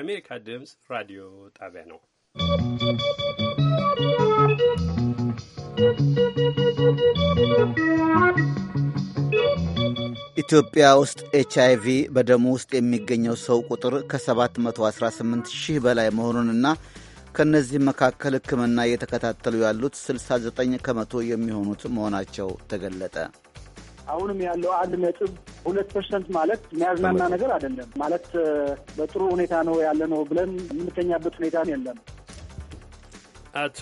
የአሜሪካ ድምፅ ራዲዮ ጣቢያ ነው። ኢትዮጵያ ውስጥ ኤች አይ ቪ በደሙ ውስጥ የሚገኘው ሰው ቁጥር ከ718 ሺህ በላይ መሆኑንና ከእነዚህ መካከል ሕክምና እየተከታተሉ ያሉት 69 ከመቶ የሚሆኑት መሆናቸው ተገለጠ። አሁንም ያለው አንድ ነጥብ ሁለት ፐርሰንት ማለት የሚያዝናና ነገር አይደለም። ማለት በጥሩ ሁኔታ ነው ያለ ነው ብለን የምንተኛበት ሁኔታ የለም። አቶ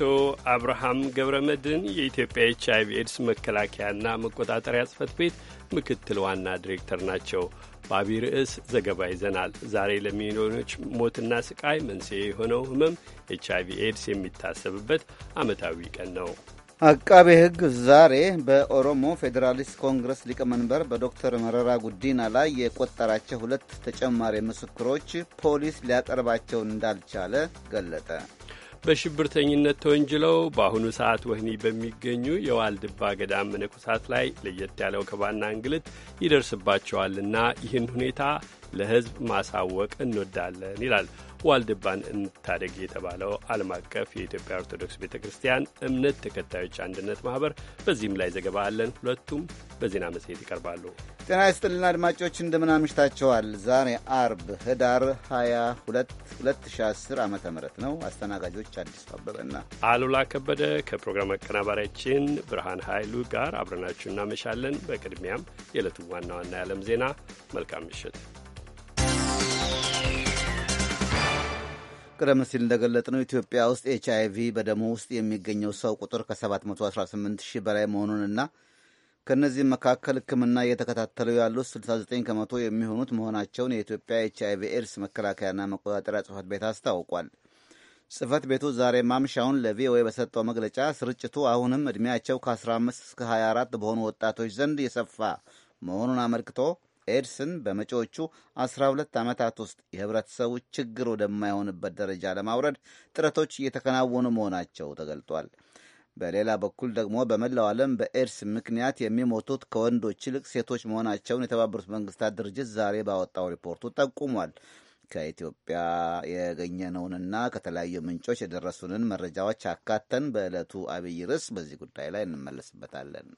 አብርሃም ገብረ መድን የኢትዮጵያ ኤች አይቪ ኤድስ መከላከያና መቆጣጠሪያ ጽህፈት ቤት ምክትል ዋና ዲሬክተር ናቸው። ባቢ ርዕስ ዘገባ ይዘናል። ዛሬ ለሚሊዮኖች ሞትና ስቃይ መንስኤ የሆነው ህመም ኤች አይ ኤድስ የሚታሰብበት ዓመታዊ ቀን ነው። አቃቤ ሕግ ዛሬ በኦሮሞ ፌዴራሊስት ኮንግረስ ሊቀመንበር በዶክተር መረራ ጉዲና ላይ የቆጠራቸው ሁለት ተጨማሪ ምስክሮች ፖሊስ ሊያቀርባቸው እንዳልቻለ ገለጠ። በሽብርተኝነት ተወንጅለው በአሁኑ ሰዓት ወህኒ በሚገኙ የዋልድባ ገዳም መነኮሳት ላይ ለየት ያለው ከባና እንግልት ይደርስባቸዋልና ይህን ሁኔታ ለሕዝብ ማሳወቅ እንወዳለን ይላል ዋልድባን እንታደግ የተባለው ዓለም አቀፍ የኢትዮጵያ ኦርቶዶክስ ቤተ ክርስቲያን እምነት ተከታዮች አንድነት ማህበር በዚህም ላይ ዘገባ አለን። ሁለቱም በዜና መጽሔት ይቀርባሉ። ጤና ይስጥልና አድማጮች እንደምን አምሽታችኋል። ዛሬ አርብ ህዳር 22 2010 ዓ ም ነው። አስተናጋጆች አዲስ አበበና አሉላ ከበደ ከፕሮግራም አቀናባሪያችን ብርሃን ኃይሉ ጋር አብረናችሁ እናመሻለን። በቅድሚያም የዕለቱ ዋና ዋና የዓለም ዜና። መልካም ምሽት። ቀደም ሲል ነው ኢትዮጵያ ውስጥ ኤች አይ ቪ በደሙ ውስጥ የሚገኘው ሰው ቁጥር ከ718 ሺህ በላይ መሆኑንና ከእነዚህም መካከል ሕክምና እየተከታተሉ ያሉት 69 ከመቶ የሚሆኑት መሆናቸውን የኢትዮጵያ ኤች አይ ቪ ኤድስ መከላከያና መቆጣጠሪያ ጽፈት ቤት አስታውቋል። ጽሕፈት ቤቱ ዛሬ ማምሻውን ለቪኦኤ በሰጠው መግለጫ ስርጭቱ አሁንም ዕድሜያቸው ከ15 እስከ 24 በሆኑ ወጣቶች ዘንድ የሰፋ መሆኑን አመልክቶ ኤድስን በመጪዎቹ 12 ዓመታት ውስጥ የህብረተሰቡ ችግር ወደማይሆንበት ደረጃ ለማውረድ ጥረቶች እየተከናወኑ መሆናቸው ተገልጧል። በሌላ በኩል ደግሞ በመላው ዓለም በኤድስ ምክንያት የሚሞቱት ከወንዶች ይልቅ ሴቶች መሆናቸውን የተባበሩት መንግስታት ድርጅት ዛሬ ባወጣው ሪፖርቱ ጠቁሟል። ከኢትዮጵያ የገኘነውንና ከተለያዩ ምንጮች የደረሱንን መረጃዎች አካተን በዕለቱ አብይ ርዕስ በዚህ ጉዳይ ላይ እንመለስበታለን።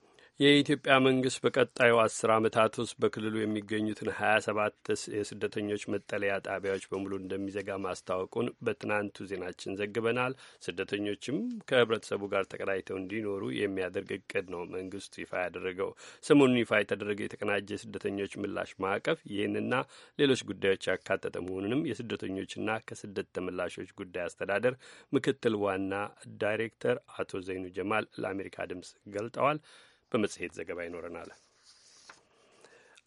የኢትዮጵያ መንግስት በቀጣዩ አስር ዓመታት ውስጥ በክልሉ የሚገኙትን ሀያ ሰባት የስደተኞች መጠለያ ጣቢያዎች በሙሉ እንደሚዘጋ ማስታወቁን በትናንቱ ዜናችን ዘግበናል። ስደተኞችም ከህብረተሰቡ ጋር ተቀናጅተው እንዲኖሩ የሚያደርግ እቅድ ነው መንግስቱ ይፋ ያደረገው። ሰሞኑን ይፋ የተደረገ የተቀናጀ የስደተኞች ምላሽ ማዕቀፍ ይህንና ሌሎች ጉዳዮች ያካተተ መሆኑንም የስደተኞችና ከስደት ተመላሾች ጉዳይ አስተዳደር ምክትል ዋና ዳይሬክተር አቶ ዘይኑ ጀማል ለአሜሪካ ድምጽ ገልጠዋል። በመጽሔት ዘገባ ይኖረናል።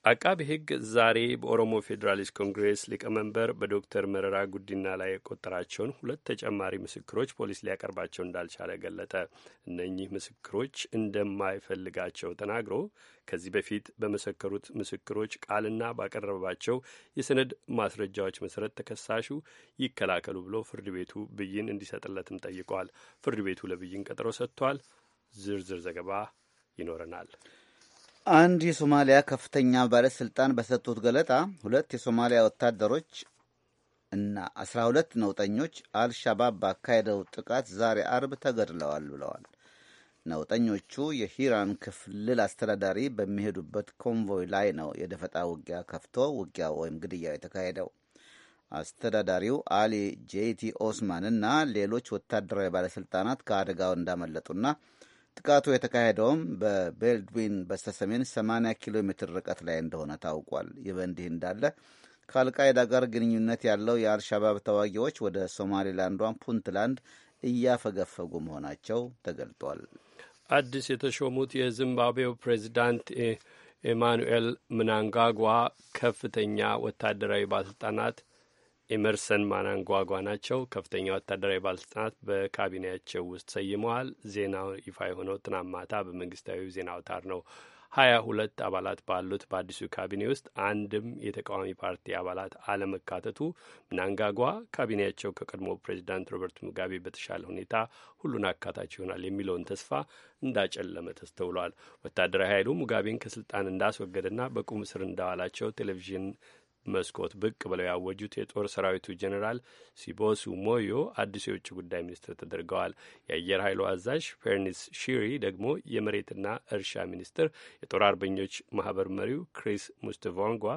አቃቢ ሕግ ዛሬ በኦሮሞ ፌዴራሊስት ኮንግሬስ ሊቀመንበር በዶክተር መረራ ጉዲና ላይ የቆጠራቸውን ሁለት ተጨማሪ ምስክሮች ፖሊስ ሊያቀርባቸው እንዳልቻለ ገለጠ። እነኚህ ምስክሮች እንደማይፈልጋቸው ተናግሮ ከዚህ በፊት በመሰከሩት ምስክሮች ቃልና ባቀረባቸው የሰነድ ማስረጃዎች መሰረት ተከሳሹ ይከላከሉ ብሎ ፍርድ ቤቱ ብይን እንዲሰጥለትም ጠይቋል። ፍርድ ቤቱ ለብይን ቀጠሮ ሰጥቷል። ዝርዝር ዘገባ ይኖረናል። አንድ የሶማሊያ ከፍተኛ ባለስልጣን በሰጡት ገለጣ ሁለት የሶማሊያ ወታደሮች እና አስራ ሁለት ነውጠኞች አልሻባብ ባካሄደው ጥቃት ዛሬ አርብ ተገድለዋል ብለዋል። ነውጠኞቹ የሂራን ክፍልል አስተዳዳሪ በሚሄዱበት ኮንቮይ ላይ ነው የደፈጣ ውጊያ ከፍቶ ውጊያው ወይም ግድያው የተካሄደው። አስተዳዳሪው አሊ ጄቲ ኦስማን እና ሌሎች ወታደራዊ ባለስልጣናት ከአደጋው እንዳመለጡና ጥቃቱ የተካሄደውም በቤልድዊን በስተሰሜን 80 ኪሎ ሜትር ርቀት ላይ እንደሆነ ታውቋል። ይህ በእንዲህ እንዳለ ከአልቃይዳ ጋር ግንኙነት ያለው የአልሻባብ ተዋጊዎች ወደ ሶማሌላንዷን ፑንትላንድ እያፈገፈጉ መሆናቸው ተገልጧል። አዲስ የተሾሙት የዚምባብዌው ፕሬዚዳንት ኤማኑኤል ምናንጋጓ ከፍተኛ ወታደራዊ ባለስልጣናት ኤመርሰን ማናንጓጓ ናቸው። ከፍተኛ ወታደራዊ ባለስልጣናት በካቢኔያቸው ውስጥ ሰይመዋል። ዜናው ይፋ የሆነው ትናንት ማታ በመንግስታዊ ዜና አውታር ነው። ሀያ ሁለት አባላት ባሉት በአዲሱ ካቢኔ ውስጥ አንድም የተቃዋሚ ፓርቲ አባላት አለመካተቱ ምናንጋጓ ካቢኔያቸው ከቀድሞ ፕሬዚዳንት ሮበርት ሙጋቤ በተሻለ ሁኔታ ሁሉን አካታች ይሆናል የሚለውን ተስፋ እንዳጨለመ ተስተውሏል። ወታደራዊ ኃይሉ ሙጋቤን ከስልጣን እንዳስወገደና በቁም እንዳዋላቸው ቴሌቪዥን መስኮት ብቅ ብለው ያወጁት የጦር ሰራዊቱ ጄኔራል ሲቦሱ ሞዮ አዲሱ የውጭ ጉዳይ ሚኒስትር ተደርገዋል። የአየር ኃይሉ አዛዥ ፌርኒስ ሺሪ ደግሞ የመሬትና እርሻ ሚኒስትር፣ የጦር አርበኞች ማህበር መሪው ክሪስ ሙስትቫንጓ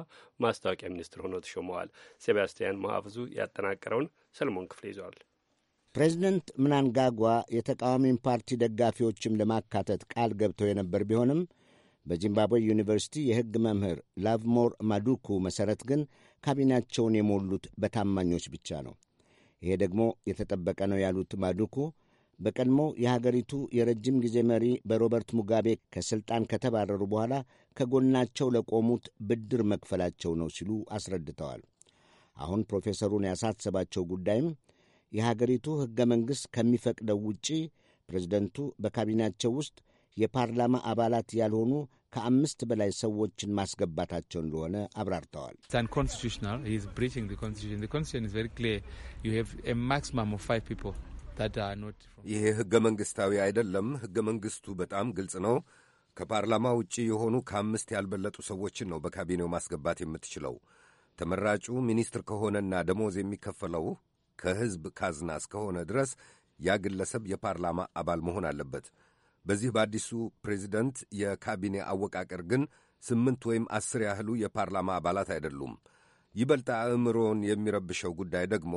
ማስታወቂያ ሚኒስትር ሆነው ተሾመዋል። ሴባስቲያን መሐፍዙ ያጠናቀረውን ሰለሞን ክፍሌ ይዘዋል። ፕሬዚደንት ምናንጋጓ የተቃዋሚን ፓርቲ ደጋፊዎችም ለማካተት ቃል ገብተው የነበር ቢሆንም በዚምባብዌ ዩኒቨርሲቲ የሕግ መምህር ላቭሞር ማዱኩ መሠረት ግን ካቢናቸውን የሞሉት በታማኞች ብቻ ነው። ይሄ ደግሞ የተጠበቀ ነው ያሉት ማዱኩ በቀድሞ የሀገሪቱ የረጅም ጊዜ መሪ በሮበርት ሙጋቤ ከሥልጣን ከተባረሩ በኋላ ከጎናቸው ለቆሙት ብድር መክፈላቸው ነው ሲሉ አስረድተዋል። አሁን ፕሮፌሰሩን ያሳሰባቸው ጉዳይም የሀገሪቱ ሕገ መንግሥት ከሚፈቅደው ውጪ ፕሬዝደንቱ በካቢናቸው ውስጥ የፓርላማ አባላት ያልሆኑ ከአምስት በላይ ሰዎችን ማስገባታቸው እንደሆነ አብራርተዋል። ይህ ሕገ መንግሥታዊ አይደለም። ሕገ መንግሥቱ በጣም ግልጽ ነው። ከፓርላማ ውጪ የሆኑ ከአምስት ያልበለጡ ሰዎችን ነው በካቢኔው ማስገባት የምትችለው። ተመራጩ ሚኒስትር ከሆነና ደሞዝ የሚከፈለው ከሕዝብ ካዝና እስከሆነ ድረስ ያ ግለሰብ የፓርላማ አባል መሆን አለበት። በዚህ በአዲሱ ፕሬዚደንት የካቢኔ አወቃቀር ግን ስምንት ወይም አስር ያህሉ የፓርላማ አባላት አይደሉም። ይበልጥ አእምሮን የሚረብሸው ጉዳይ ደግሞ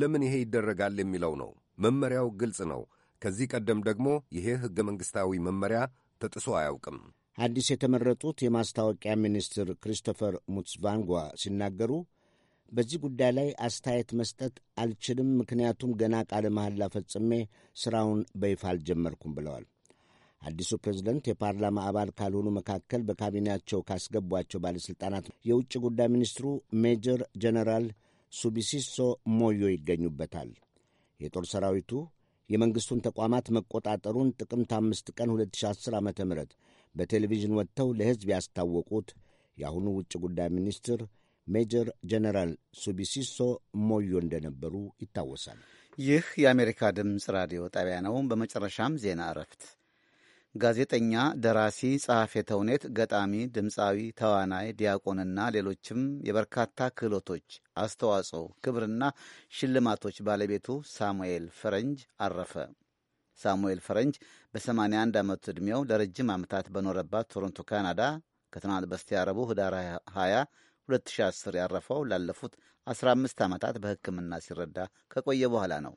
ለምን ይሄ ይደረጋል የሚለው ነው። መመሪያው ግልጽ ነው። ከዚህ ቀደም ደግሞ ይሄ ሕገ መንግሥታዊ መመሪያ ተጥሶ አያውቅም። አዲስ የተመረጡት የማስታወቂያ ሚኒስትር ክሪስቶፈር ሙትስቫንጓ ሲናገሩ በዚህ ጉዳይ ላይ አስተያየት መስጠት አልችልም፣ ምክንያቱም ገና ቃለ መሐላ ፈጽሜ ሥራውን በይፋ አልጀመርኩም ብለዋል። አዲሱ ፕሬዝደንት የፓርላማ አባል ካልሆኑ መካከል በካቢኔያቸው ካስገቧቸው ባለሥልጣናት የውጭ ጉዳይ ሚኒስትሩ ሜጀር ጀነራል ሱቢሲሶ ሞዮ ይገኙበታል። የጦር ሰራዊቱ የመንግሥቱን ተቋማት መቆጣጠሩን ጥቅምት አምስት ቀን 2010 ዓ ም በቴሌቪዥን ወጥተው ለሕዝብ ያስታወቁት የአሁኑ ውጭ ጉዳይ ሚኒስትር ሜጀር ጀነራል ሱቢሲሶ ሞዮ እንደነበሩ ይታወሳል። ይህ የአሜሪካ ድምፅ ራዲዮ ጣቢያ ነው። በመጨረሻም ዜና እረፍት ጋዜጠኛ፣ ደራሲ፣ ጸሐፌ ተውኔት፣ ገጣሚ፣ ድምፃዊ፣ ተዋናይ፣ ዲያቆንና ሌሎችም የበርካታ ክህሎቶች አስተዋጽኦ፣ ክብርና ሽልማቶች ባለቤቱ ሳሙኤል ፈረንጅ አረፈ። ሳሙኤል ፈረንጅ በ81 ዓመቱ ዕድሜው ለረጅም ዓመታት በኖረባት ቶሮንቶ ካናዳ ከትናንት በስቲያ ረቡዕ ህዳር 20 2010 ያረፈው ላለፉት 15 ዓመታት በሕክምና ሲረዳ ከቆየ በኋላ ነው።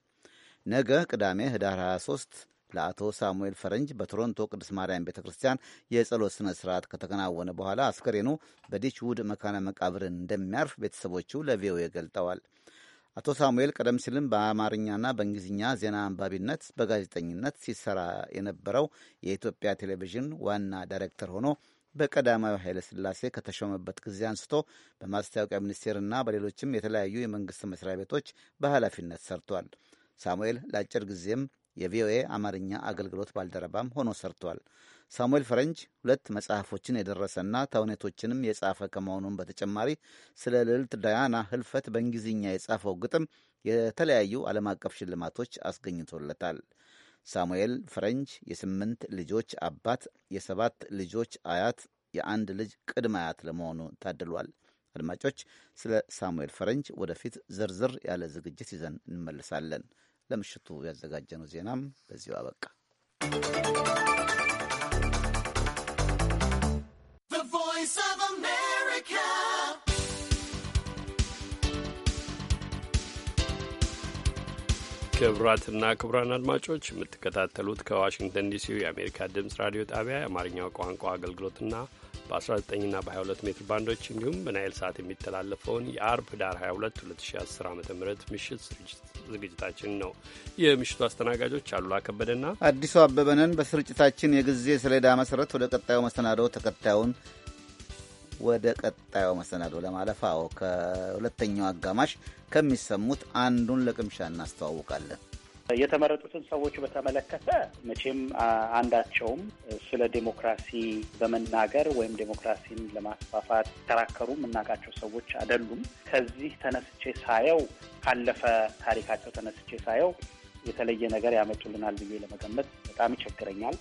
ነገ ቅዳሜ ህዳር 23 ለአቶ ሳሙኤል ፈረንጅ በቶሮንቶ ቅዱስ ማርያም ቤተ ክርስቲያን የጸሎት ስነ ስርዓት ከተከናወነ በኋላ አስከሬኑ በዲችውድ መካነ መቃብርን እንደሚያርፍ ቤተሰቦቹ ለቪኦኤ ገልጠዋል። አቶ ሳሙኤል ቀደም ሲልም በአማርኛና በእንግሊዝኛ ዜና አንባቢነት በጋዜጠኝነት ሲሰራ የነበረው የኢትዮጵያ ቴሌቪዥን ዋና ዳይሬክተር ሆኖ በቀዳማዊ ኃይለ ሥላሴ ከተሾመበት ጊዜ አንስቶ በማስታወቂያ ሚኒስቴርና በሌሎችም የተለያዩ የመንግሥት መስሪያ ቤቶች በኃላፊነት ሰርቷል። ሳሙኤል ለአጭር ጊዜም የቪኦኤ አማርኛ አገልግሎት ባልደረባም ሆኖ ሰርቷል። ሳሙኤል ፈረንጅ ሁለት መጽሐፎችን የደረሰና ተውኔቶችንም የጻፈ ከመሆኑም በተጨማሪ ስለ ልዕልት ዳያና ህልፈት በእንግሊዝኛ የጻፈው ግጥም የተለያዩ ዓለም አቀፍ ሽልማቶች አስገኝቶለታል። ሳሙኤል ፈረንጅ የስምንት ልጆች አባት፣ የሰባት ልጆች አያት፣ የአንድ ልጅ ቅድመ አያት ለመሆኑ ታድሏል። አድማጮች፣ ስለ ሳሙኤል ፈረንጅ ወደፊት ዝርዝር ያለ ዝግጅት ይዘን እንመልሳለን። ለምሽቱ ያዘጋጀነው ዜናም በዚሁ አበቃ። ክቡራትና ክቡራን አድማጮች የምትከታተሉት ከዋሽንግተን ዲሲ የአሜሪካ ድምፅ ራዲዮ ጣቢያ የአማርኛው ቋንቋ አገልግሎትና በ19 ና በ22 ሜትር ባንዶች እንዲሁም በናይል ሰዓት የሚተላለፈውን የአርብ ዳር 22 2010 ዓ ም ምሽት ዝግጅታችን ነው። የምሽቱ አስተናጋጆች አሉላ ከበደና አዲሱ አበበነን። በስርጭታችን የጊዜ ሰሌዳ መሰረት ወደ ቀጣዩ መሰናዶ ተከታዩን ወደ ቀጣዩ መሰናዶ ለማለፍ አዎ፣ ከሁለተኛው አጋማሽ ከሚሰሙት አንዱን ለቅምሻ እናስተዋውቃለን። የተመረጡትን ሰዎች በተመለከተ መቼም አንዳቸውም ስለ ዴሞክራሲ በመናገር ወይም ዴሞክራሲን ለማስፋፋት ተራከሩ የምናውቃቸው ሰዎች አይደሉም። ከዚህ ተነስቼ ሳየው ካለፈ ታሪካቸው ተነስቼ ሳየው የተለየ ነገር ያመጡልናል ብዬ ለመገመት በጣም ይቸግረኛል።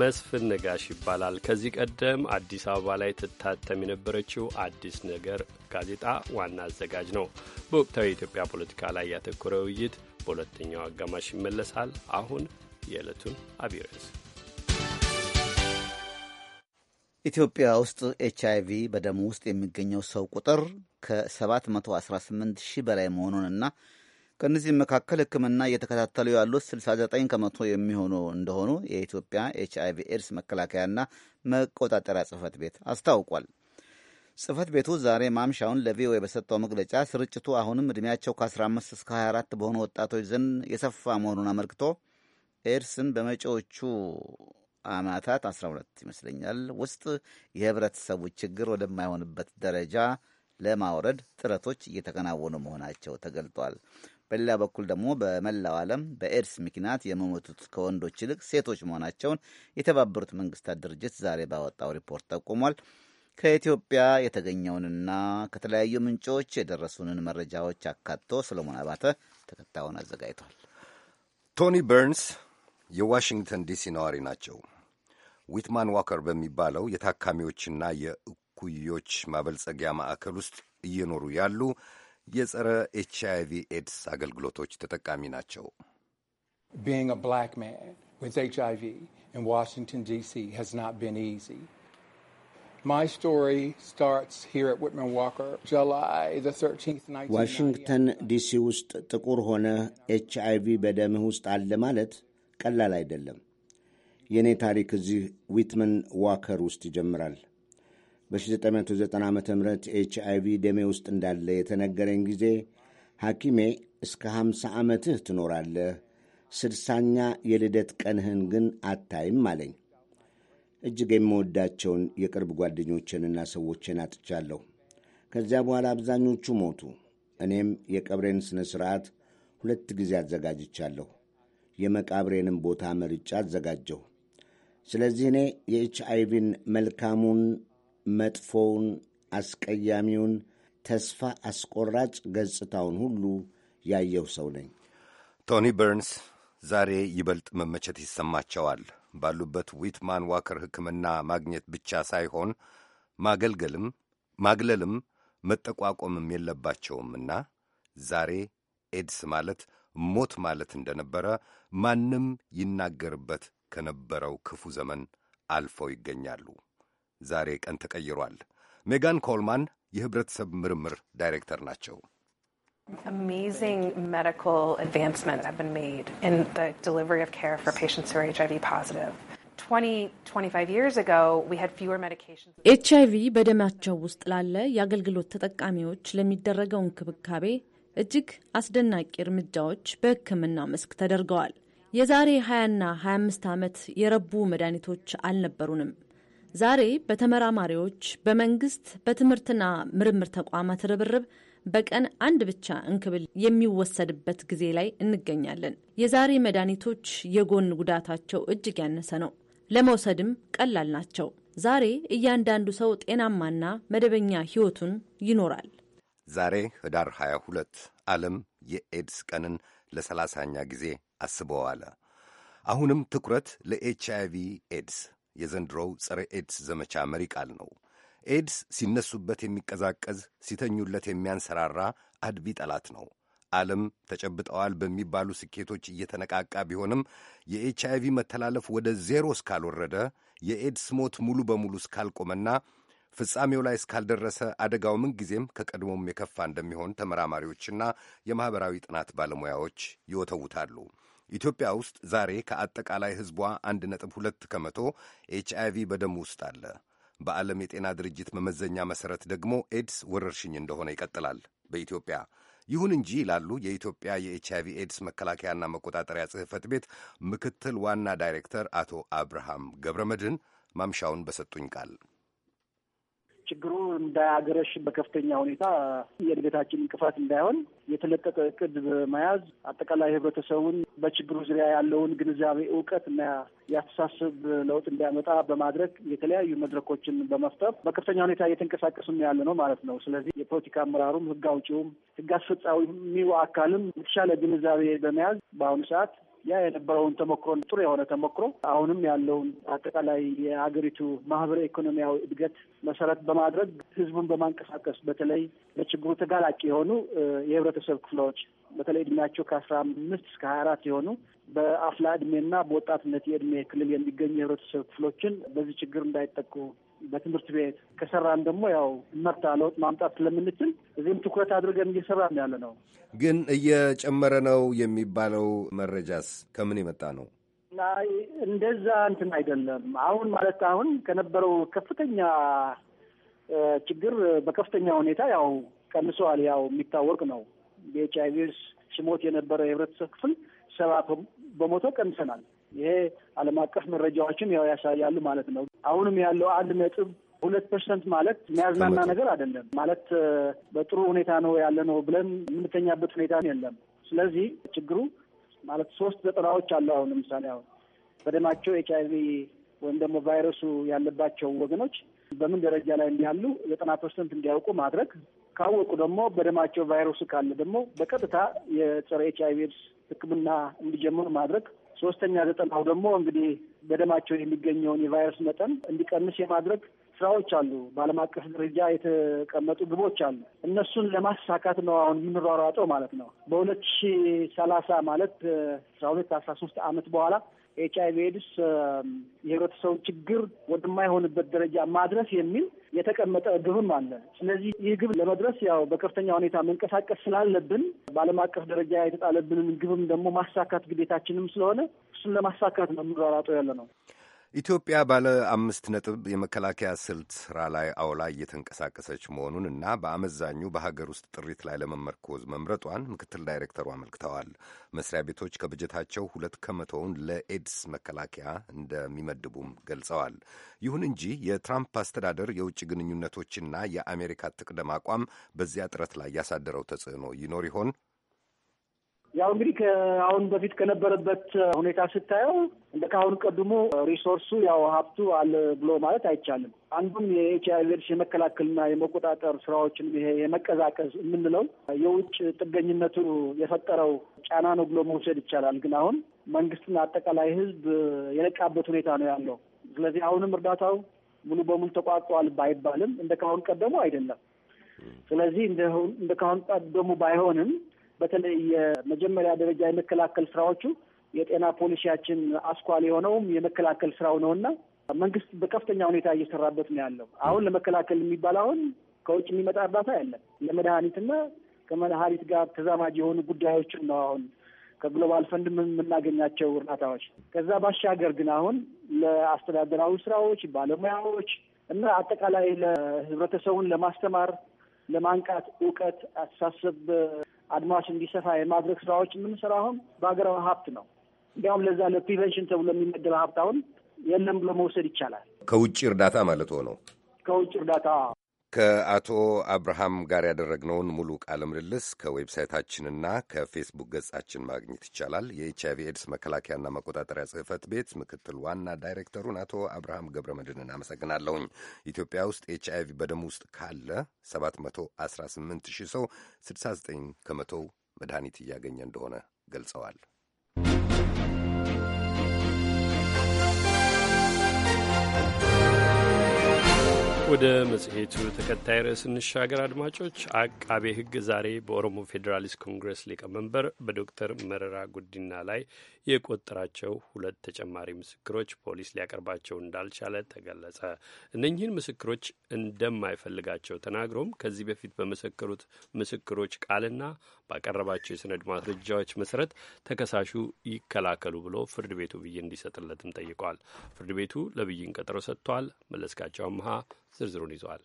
መስፍን ነጋሽ ይባላል። ከዚህ ቀደም አዲስ አበባ ላይ ትታተም የነበረችው አዲስ ነገር ጋዜጣ ዋና አዘጋጅ ነው። በወቅታዊ የኢትዮጵያ ፖለቲካ ላይ ያተኮረ ውይይት በሁለተኛው አጋማሽ ይመለሳል። አሁን የዕለቱን አብይ ርዕስ ኢትዮጵያ ውስጥ ኤች አይ ቪ በደሙ ውስጥ የሚገኘው ሰው ቁጥር ከ718 ሺህ በላይ መሆኑንና ከእነዚህም መካከል ሕክምና እየተከታተሉ ያሉት 69 ከመቶ የሚሆኑ እንደሆኑ የኢትዮጵያ ኤች አይ ቪ ኤድስ መከላከያና መቆጣጠሪያ ጽህፈት ቤት አስታውቋል። ጽህፈት ቤቱ ዛሬ ማምሻውን ለቪኦኤ በሰጠው መግለጫ ስርጭቱ አሁንም ዕድሜያቸው ከ15 እስከ 24 በሆኑ ወጣቶች ዘንድ የሰፋ መሆኑን አመልክቶ ኤድስን በመጪዎቹ አመታት 12 ይመስለኛል ውስጥ የህብረተሰቡ ችግር ወደማይሆንበት ደረጃ ለማውረድ ጥረቶች እየተከናወኑ መሆናቸው ተገልጧል። በሌላ በኩል ደግሞ በመላው ዓለም በኤድስ ምክንያት የመሞቱት ከወንዶች ይልቅ ሴቶች መሆናቸውን የተባበሩት መንግስታት ድርጅት ዛሬ ባወጣው ሪፖርት ጠቁሟል። ከኢትዮጵያ የተገኘውንና ከተለያዩ ምንጮች የደረሱንን መረጃዎች አካቶ ሰሎሞን አባተ ተከታዩን አዘጋጅቷል። ቶኒ በርንስ የዋሽንግተን ዲሲ ነዋሪ ናቸው። ዊትማን ዋከር በሚባለው የታካሚዎችና የእኩዮች ማበልጸጊያ ማዕከል ውስጥ እየኖሩ ያሉ የጸረ ኤች አይ ቪ ኤድስ አገልግሎቶች ተጠቃሚ ናቸው። ቢንግ ብላክ ማን ዊዝ ኤች አይ ቪ ኢን ዋሽንግተን ዲሲ ሃዝ ናት ቢን ኢዚ ዋሽንግተን ዲሲ ውስጥ ጥቁር ሆነ ኤች አይ ቪ በደምህ ውስጥ አለ ማለት ቀላል አይደለም። የእኔ ታሪክ እዚህ ዊትመን ዋከር ውስጥ ይጀምራል። በ1990 ዓ ም ኤች አይ ቪ ደሜ ውስጥ እንዳለ የተነገረኝ ጊዜ ሐኪሜ እስከ 50 ዓመትህ ትኖራለህ፣ ስድሳኛ የልደት ቀንህን ግን አታይም አለኝ። እጅግ የምወዳቸውን የቅርብ ጓደኞቼንና ሰዎቼን አጥቻለሁ። ከዚያ በኋላ አብዛኞቹ ሞቱ። እኔም የቀብሬን ሥነ ሥርዓት ሁለት ጊዜ አዘጋጅቻለሁ። የመቃብሬንም ቦታ መርጫ አዘጋጀሁ። ስለዚህ እኔ የኤች አይቪን መልካሙን፣ መጥፎውን፣ አስቀያሚውን፣ ተስፋ አስቆራጭ ገጽታውን ሁሉ ያየሁ ሰው ነኝ። ቶኒ በርንስ ዛሬ ይበልጥ መመቸት ይሰማቸዋል። ባሉበት ዊትማን ዋከር ሕክምና ማግኘት ብቻ ሳይሆን ማገልገልም ማግለልም መጠቋቆምም የለባቸውምና ዛሬ ኤድስ ማለት ሞት ማለት እንደነበረ ማንም ይናገርበት ከነበረው ክፉ ዘመን አልፈው ይገኛሉ። ዛሬ ቀን ተቀይሯል። ሜጋን ኮልማን የህብረተሰብ ምርምር ዳይሬክተር ናቸው። Amazing medical advancements have been made in the delivery of care for patients who are HIV positive. 20, 25 years ago, we had fewer medications. ኤችአይቪ በደማቸው ውስጥ ላለ የአገልግሎት ተጠቃሚዎች ለሚደረገው እንክብካቤ እጅግ አስደናቂ እርምጃዎች በሕክምና መስክ ተደርገዋል። የዛሬ 20ና 25 ዓመት የረቡ መድኃኒቶች አልነበሩንም። ዛሬ በተመራማሪዎች፣ በመንግስት፣ በትምህርትና ምርምር ተቋማት ርብርብ በቀን አንድ ብቻ እንክብል የሚወሰድበት ጊዜ ላይ እንገኛለን። የዛሬ መድኃኒቶች የጎን ጉዳታቸው እጅግ ያነሰ ነው፣ ለመውሰድም ቀላል ናቸው። ዛሬ እያንዳንዱ ሰው ጤናማና መደበኛ ሕይወቱን ይኖራል። ዛሬ ህዳር 22 ዓለም የኤድስ ቀንን ለሰላሳኛ ጊዜ አስበዋለ። አሁንም ትኩረት ለኤች አይቪ ኤድስ የዘንድሮው ጸረ ኤድስ ዘመቻ መሪ ቃል ነው። ኤድስ ሲነሱበት የሚቀዛቀዝ ሲተኙለት የሚያንሰራራ አድቢ ጠላት ነው። ዓለም ተጨብጠዋል በሚባሉ ስኬቶች እየተነቃቃ ቢሆንም የኤች አይቪ መተላለፍ ወደ ዜሮ እስካልወረደ የኤድስ ሞት ሙሉ በሙሉ እስካልቆመና ፍጻሜው ላይ እስካልደረሰ አደጋው ምንጊዜም ከቀድሞም የከፋ እንደሚሆን ተመራማሪዎችና የማኅበራዊ ጥናት ባለሙያዎች ይወተውታሉ። ኢትዮጵያ ውስጥ ዛሬ ከአጠቃላይ ሕዝቧ ሁለት ከመቶ ኤች አይቪ በደም ውስጥ አለ። በዓለም የጤና ድርጅት መመዘኛ መሠረት ደግሞ ኤድስ ወረርሽኝ እንደሆነ ይቀጥላል በኢትዮጵያ። ይሁን እንጂ ይላሉ የኢትዮጵያ የኤች አይቪ ኤድስ መከላከያና መቆጣጠሪያ ጽሕፈት ቤት ምክትል ዋና ዳይሬክተር አቶ አብርሃም ገብረ መድህን ማምሻውን በሰጡኝ ቃል ችግሩ እንዳያገረሽ በከፍተኛ ሁኔታ የእድገታችን እንቅፋት እንዳይሆን የተለጠጠ እቅድ በመያዝ አጠቃላይ ህብረተሰቡን በችግሩ ዙሪያ ያለውን ግንዛቤ፣ እውቀት እና የአስተሳሰብ ለውጥ እንዲያመጣ በማድረግ የተለያዩ መድረኮችን በመፍጠር በከፍተኛ ሁኔታ እየተንቀሳቀሱም ያለ ነው ማለት ነው። ስለዚህ የፖለቲካ አመራሩም፣ ህግ አውጪውም፣ ህግ አስፈጻሚው አካልም የተሻለ ግንዛቤ በመያዝ በአሁኑ ሰዓት ያ የነበረውን ተሞክሮ ጥሩ የሆነ ተሞክሮ አሁንም ያለውን አጠቃላይ የሀገሪቱ ማህበረ ኢኮኖሚያዊ እድገት መሰረት በማድረግ ህዝቡን በማንቀሳቀስ በተለይ ለችግሩ ተጋላጭ የሆኑ የህብረተሰብ ክፍሎች በተለይ እድሜያቸው ከአስራ አምስት እስከ ሀያ አራት የሆኑ በአፍላ እድሜና በወጣትነት የእድሜ ክልል የሚገኙ የህብረተሰብ ክፍሎችን በዚህ ችግር እንዳይጠቁ በትምህርት ቤት ከሰራን ደግሞ ያው መርታ ለውጥ ማምጣት ስለምንችል እዚህም ትኩረት አድርገን እየሰራን ያለ ነው። ግን እየጨመረ ነው የሚባለው መረጃስ ከምን የመጣ ነው? እንደዛ እንትን አይደለም። አሁን ማለት አሁን ከነበረው ከፍተኛ ችግር በከፍተኛ ሁኔታ ያው ቀንሰዋል። ያው የሚታወቅ ነው። የኤች አይ ቪ የነበረ የህብረተሰብ ክፍል ሰባ በመቶ ቀንሰናል። ይሄ ዓለም አቀፍ መረጃዎችም ያው ያሳያሉ ማለት ነው። አሁንም ያለው አንድ ነጥብ ሁለት ፐርሰንት ማለት የሚያዝናና ነገር አይደለም ማለት በጥሩ ሁኔታ ነው ያለ ነው ብለን የምንተኛበት ሁኔታ የለም። ስለዚህ ችግሩ ማለት ሶስት ዘጠናዎች አሉ። አሁን ለምሳሌ አሁን በደማቸው ኤች አይቪ ወይም ደግሞ ቫይረሱ ያለባቸው ወገኖች በምን ደረጃ ላይ እንዲያሉ ዘጠና ፐርሰንት እንዲያውቁ ማድረግ ካወቁ ደግሞ በደማቸው ቫይረሱ ካለ ደግሞ በቀጥታ የጸረ ኤች አይቪ ኤድስ ሕክምና እንዲጀምሩ ማድረግ ሶስተኛ ዘጠናው ደግሞ እንግዲህ በደማቸው የሚገኘውን የቫይረስ መጠን እንዲቀንስ የማድረግ ስራዎች አሉ። በዓለም አቀፍ ደረጃ የተቀመጡ ግቦች አሉ። እነሱን ለማሳካት ነው አሁን የምንሯሯጠው ማለት ነው። በሁለት ሺህ ሰላሳ ማለት አስራ ሁለት አስራ ሶስት አመት በኋላ ኤች አይቪ ኤድስ የህብረተሰቡ ችግር ወደማይሆንበት ደረጃ ማድረስ የሚል የተቀመጠ ግብም አለ። ስለዚህ ይህ ግብ ለመድረስ ያው በከፍተኛ ሁኔታ መንቀሳቀስ ስላለብን በዓለም አቀፍ ደረጃ የተጣለብንን ግብም ደግሞ ማሳካት ግዴታችንም ስለሆነ እሱን ለማሳካት ነው የምንሯሯጠው ያለ ነው። ኢትዮጵያ ባለ አምስት ነጥብ የመከላከያ ስልት ስራ ላይ አውላ እየተንቀሳቀሰች መሆኑን እና በአመዛኙ በሀገር ውስጥ ጥሪት ላይ ለመመርኮዝ መምረጧን ምክትል ዳይሬክተሩ አመልክተዋል። መስሪያ ቤቶች ከበጀታቸው ሁለት ከመቶውን ለኤድስ መከላከያ እንደሚመድቡም ገልጸዋል። ይሁን እንጂ የትራምፕ አስተዳደር የውጭ ግንኙነቶችና የአሜሪካ ትቅደም አቋም በዚያ ጥረት ላይ ያሳደረው ተጽዕኖ ይኖር ይሆን? ያው እንግዲህ ከአሁን በፊት ከነበረበት ሁኔታ ስታየው እንደ ካሁን ቀድሞ ሪሶርሱ ያው ሀብቱ አለ ብሎ ማለት አይቻልም። አንዱም የኤች አይ ቪ ኤድስ የመከላከልና የመቆጣጠር ስራዎችን ይሄ የመቀዛቀዝ የምንለው የውጭ ጥገኝነቱ የፈጠረው ጫና ነው ብሎ መውሰድ ይቻላል። ግን አሁን መንግስትና አጠቃላይ ህዝብ የነቃበት ሁኔታ ነው ያለው። ስለዚህ አሁንም እርዳታው ሙሉ በሙሉ ተቋርጧል ባይባልም እንደ ካሁን ቀደሙ አይደለም። ስለዚህ እንደ ካሁን ቀደሙ ባይሆንም በተለይ የመጀመሪያ ደረጃ የመከላከል ስራዎቹ የጤና ፖሊሲያችን አስኳል የሆነውም የመከላከል ስራው እና መንግስት በከፍተኛ ሁኔታ እየሰራበት ነው ያለው። አሁን ለመከላከል የሚባል አሁን ከውጭ የሚመጣ እርዳታ ያለን ለመድኃኒትና ከመድኃኒት ጋር ተዛማጅ የሆኑ ጉዳዮችን ነው አሁን ከግሎባል ፈንድ የምናገኛቸው እርዳታዎች። ከዛ ባሻገር ግን አሁን ለአስተዳደራዊ ስራዎች ባለሙያዎች እና አጠቃላይ ለህብረተሰቡን ለማስተማር ለማንቃት እውቀት፣ አስተሳሰብ አድማስ እንዲሰፋ የማድረግ ስራዎች የምንሰራ አሁን በሀገራዊ ሀብት ነው። እንዲያውም ለዛ ለፕሪቨንሽን ተብሎ የሚመደበ ሀብት አሁን የለም ብሎ መውሰድ ይቻላል። ከውጭ እርዳታ ማለት ሆነው ከውጭ እርዳታ ከአቶ አብርሃም ጋር ያደረግነውን ሙሉ ቃለ ምልልስ ከዌብሳይታችንና ከፌስቡክ ገጻችን ማግኘት ይቻላል። የኤች አይቪ ኤድስ መከላከያና መቆጣጠሪያ ጽህፈት ቤት ምክትል ዋና ዳይሬክተሩን አቶ አብርሃም ገብረ መድህንን አመሰግናለሁኝ። ኢትዮጵያ ውስጥ ኤች አይቪ በደም ውስጥ ካለ 718 ሺህ ሰው 69 ከመቶው መድኃኒት እያገኘ እንደሆነ ገልጸዋል። ወደ መጽሔቱ ተከታይ ርዕስ እንሻገር። አድማጮች፣ አቃቤ ሕግ ዛሬ በኦሮሞ ፌዴራሊስት ኮንግረስ ሊቀመንበር በዶክተር መረራ ጉዲና ላይ የቆጠራቸው ሁለት ተጨማሪ ምስክሮች ፖሊስ ሊያቀርባቸው እንዳልቻለ ተገለጸ። እነኚህን ምስክሮች እንደማይፈልጋቸው ተናግሮም ከዚህ በፊት በመሰከሩት ምስክሮች ቃልና ባቀረባቸው የሰነድ ማስረጃዎች መሰረት ተከሳሹ ይከላከሉ ብሎ ፍርድ ቤቱ ብይን እንዲሰጥለትም ጠይቋል። ፍርድ ቤቱ ለብይን ቀጠሮ ሰጥቷል። መለስካቸው አምሃ ዝርዝሩን ይዘዋል።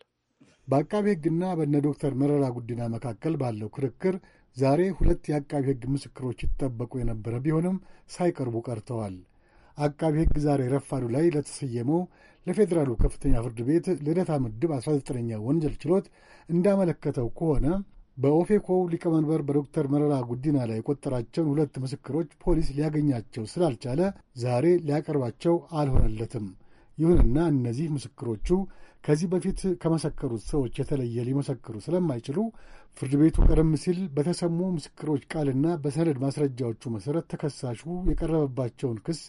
በአቃቢ ሕግና በነ ዶክተር መረራ ጉዲና መካከል ባለው ክርክር ዛሬ ሁለት የአቃቢ ሕግ ምስክሮች ይጠበቁ የነበረ ቢሆንም ሳይቀርቡ ቀርተዋል። አቃቢ ሕግ ዛሬ ረፋዱ ላይ ለተሰየመው ለፌዴራሉ ከፍተኛ ፍርድ ቤት ልደታ ምድብ 19ኛ ወንጀል ችሎት እንዳመለከተው ከሆነ በኦፌኮው ሊቀመንበር በዶክተር መረራ ጉዲና ላይ የቆጠራቸውን ሁለት ምስክሮች ፖሊስ ሊያገኛቸው ስላልቻለ ዛሬ ሊያቀርባቸው አልሆነለትም። ይሁንና እነዚህ ምስክሮቹ ከዚህ በፊት ከመሰከሩት ሰዎች የተለየ ሊመሰክሩ ስለማይችሉ ፍርድ ቤቱ ቀደም ሲል በተሰሙ ምስክሮች ቃልና በሰነድ ማስረጃዎቹ መሠረት ተከሳሹ የቀረበባቸውን ክስ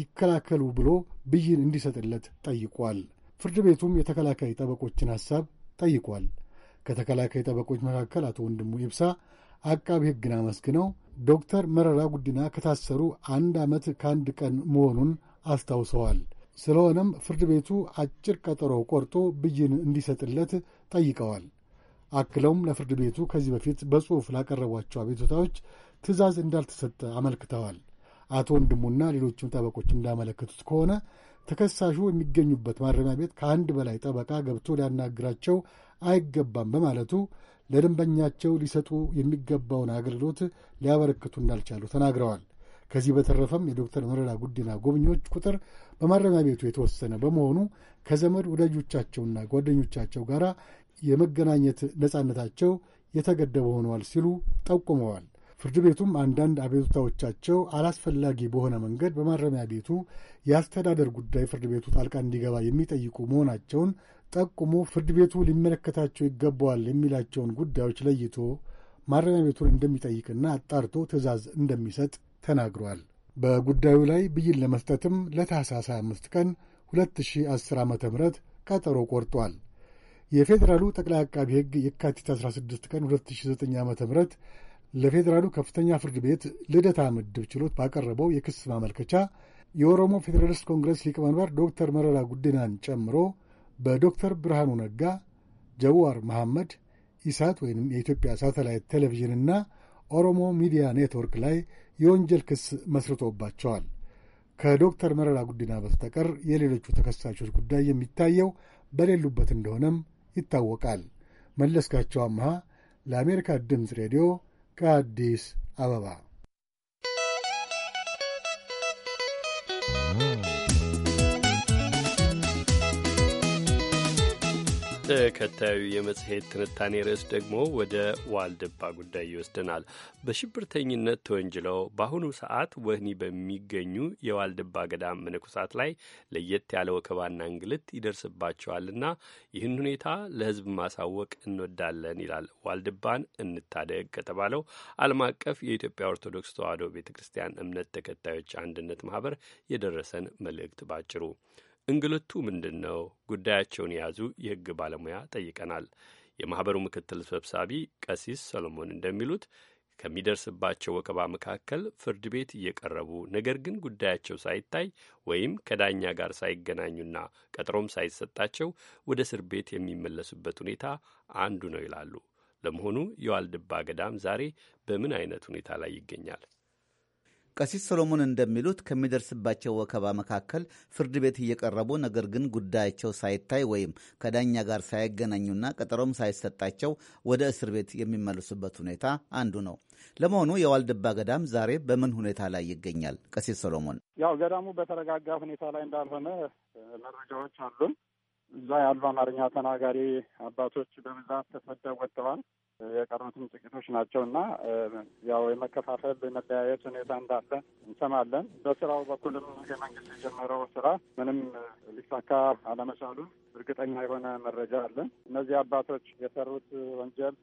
ይከላከሉ ብሎ ብይን እንዲሰጥለት ጠይቋል። ፍርድ ቤቱም የተከላካይ ጠበቆችን ሐሳብ ጠይቋል። ከተከላካይ ጠበቆች መካከል አቶ ወንድሙ ይብሳ አቃቢ ሕግን አመስግነው ዶክተር መረራ ጉዲና ከታሰሩ አንድ ዓመት ከአንድ ቀን መሆኑን አስታውሰዋል። ስለሆነም ፍርድ ቤቱ አጭር ቀጠሮ ቆርጦ ብይን እንዲሰጥለት ጠይቀዋል። አክለውም ለፍርድ ቤቱ ከዚህ በፊት በጽሑፍ ላቀረቧቸው አቤቱታዎች ትዕዛዝ እንዳልተሰጠ አመልክተዋል። አቶ ወንድሙና ሌሎችም ጠበቆች እንዳመለከቱት ከሆነ ተከሳሹ የሚገኙበት ማረሚያ ቤት ከአንድ በላይ ጠበቃ ገብቶ ሊያናግራቸው አይገባም በማለቱ ለደንበኛቸው ሊሰጡ የሚገባውን አገልግሎት ሊያበረክቱ እንዳልቻሉ ተናግረዋል። ከዚህ በተረፈም የዶክተር መረራ ጉዲና ጎብኚዎች ቁጥር በማረሚያ ቤቱ የተወሰነ በመሆኑ ከዘመድ ወዳጆቻቸውና ጓደኞቻቸው ጋር የመገናኘት ነጻነታቸው የተገደበ ሆነዋል ሲሉ ጠቁመዋል። ፍርድ ቤቱም አንዳንድ አቤቱታዎቻቸው አላስፈላጊ በሆነ መንገድ በማረሚያ ቤቱ የአስተዳደር ጉዳይ ፍርድ ቤቱ ጣልቃ እንዲገባ የሚጠይቁ መሆናቸውን ጠቁሞ ፍርድ ቤቱ ሊመለከታቸው ይገባዋል የሚላቸውን ጉዳዮች ለይቶ ማረሚያ ቤቱን እንደሚጠይቅና አጣርቶ ትዕዛዝ እንደሚሰጥ ተናግሯል። በጉዳዩ ላይ ብይን ለመስጠትም ለታህሳስ 25 ቀን 2010 ዓ ም ቀጠሮ ቆርጧል። የፌዴራሉ ጠቅላይ አቃቢ ሕግ የካቲት 16 ቀን 2009 ዓ ም ለፌዴራሉ ከፍተኛ ፍርድ ቤት ልደታ ምድብ ችሎት ባቀረበው የክስ ማመልከቻ የኦሮሞ ፌዴራሊስት ኮንግረስ ሊቀመንበር ዶክተር መረራ ጉዲናን ጨምሮ በዶክተር ብርሃኑ ነጋ፣ ጀዋር መሐመድ፣ ኢሳት ወይም የኢትዮጵያ ሳተላይት ቴሌቪዥንና ኦሮሞ ሚዲያ ኔትወርክ ላይ የወንጀል ክስ መስርቶባቸዋል። ከዶክተር መረራ ጉዲና በስተቀር የሌሎቹ ተከሳሾች ጉዳይ የሚታየው በሌሉበት እንደሆነም ይታወቃል። መለስካቸው አምሃ ለአሜሪካ ድምፅ ሬዲዮ ከአዲስ አበባ ተከታዩ የመጽሔት ትንታኔ ርዕስ ደግሞ ወደ ዋልድባ ጉዳይ ይወስደናል። በሽብርተኝነት ተወንጅለው በአሁኑ ሰዓት ወህኒ በሚገኙ የዋልድባ ገዳም መነኮሳት ላይ ለየት ያለ ወከባና እንግልት ይደርስባቸዋልና ይህን ሁኔታ ለሕዝብ ማሳወቅ እንወዳለን ይላል ዋልድባን እንታደግ ከተባለው ዓለም አቀፍ የኢትዮጵያ ኦርቶዶክስ ተዋሕዶ ቤተ ክርስቲያን እምነት ተከታዮች አንድነት ማህበር የደረሰን መልእክት ባጭሩ እንግልቱ ምንድን ነው? ጉዳያቸውን የያዙ የሕግ ባለሙያ ጠይቀናል። የማኅበሩ ምክትል ሰብሳቢ ቀሲስ ሰሎሞን እንደሚሉት ከሚደርስባቸው ወከባ መካከል ፍርድ ቤት እየቀረቡ ነገር ግን ጉዳያቸው ሳይታይ ወይም ከዳኛ ጋር ሳይገናኙና ቀጠሮም ሳይሰጣቸው ወደ እስር ቤት የሚመለሱበት ሁኔታ አንዱ ነው ይላሉ። ለመሆኑ የዋልድባ ገዳም ዛሬ በምን አይነት ሁኔታ ላይ ይገኛል? ቀሲስ ሰሎሞን እንደሚሉት ከሚደርስባቸው ወከባ መካከል ፍርድ ቤት እየቀረቡ ነገር ግን ጉዳያቸው ሳይታይ ወይም ከዳኛ ጋር ሳይገናኙና ቀጠሮም ሳይሰጣቸው ወደ እስር ቤት የሚመለሱበት ሁኔታ አንዱ ነው። ለመሆኑ የዋልድባ ገዳም ዛሬ በምን ሁኔታ ላይ ይገኛል? ቀሲስ ሰሎሞን፣ ያው ገዳሙ በተረጋጋ ሁኔታ ላይ እንዳልሆነ መረጃዎች አሉን። እዛ ያሉ አማርኛ ተናጋሪ አባቶች በብዛት ተሰደው ወጥተዋል። የቀሩትም ጥቂቶች ናቸው እና ያው የመከፋፈል የመለያየት ሁኔታ እንዳለ እንሰማለን። በስራው በኩልም የመንግስት የጀመረው ስራ ምንም ሊሳካ አለመቻሉ እርግጠኛ የሆነ መረጃ አለን። እነዚህ አባቶች የሰሩት ወንጀል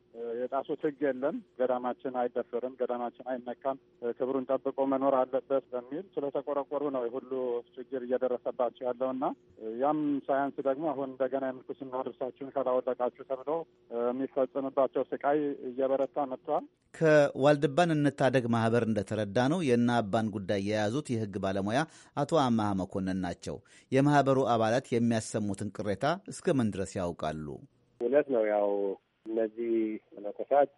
የጣሱት ሕግ የለም። ገዳማችን አይደፍርም፣ ገዳማችን አይነካም፣ ክብሩን ጠብቆ መኖር አለበት በሚል ስለተቆረቆሩ ነው ሁሉ ችግር እየደረሰባቸው ያለው እና ያም ሳያንስ ደግሞ አሁን እንደገና የምንኩስና ድርሳችሁን ካላወለቃችሁ ተብሎ የሚፈጽምባቸው ስቃይ እየበረታ መጥቷል። ከዋልድባን እንታደግ ማህበር እንደተረዳ ነው የእነ አባን ጉዳይ የያዙት የህግ ባለሙያ አቶ አማሃ መኮንን ናቸው። የማህበሩ አባላት የሚያሰሙትን ቅሬ ቅሬታ እስከ ድረስ ያውቃሉ። እውነት ነው ያው እነዚህ መነኮሳት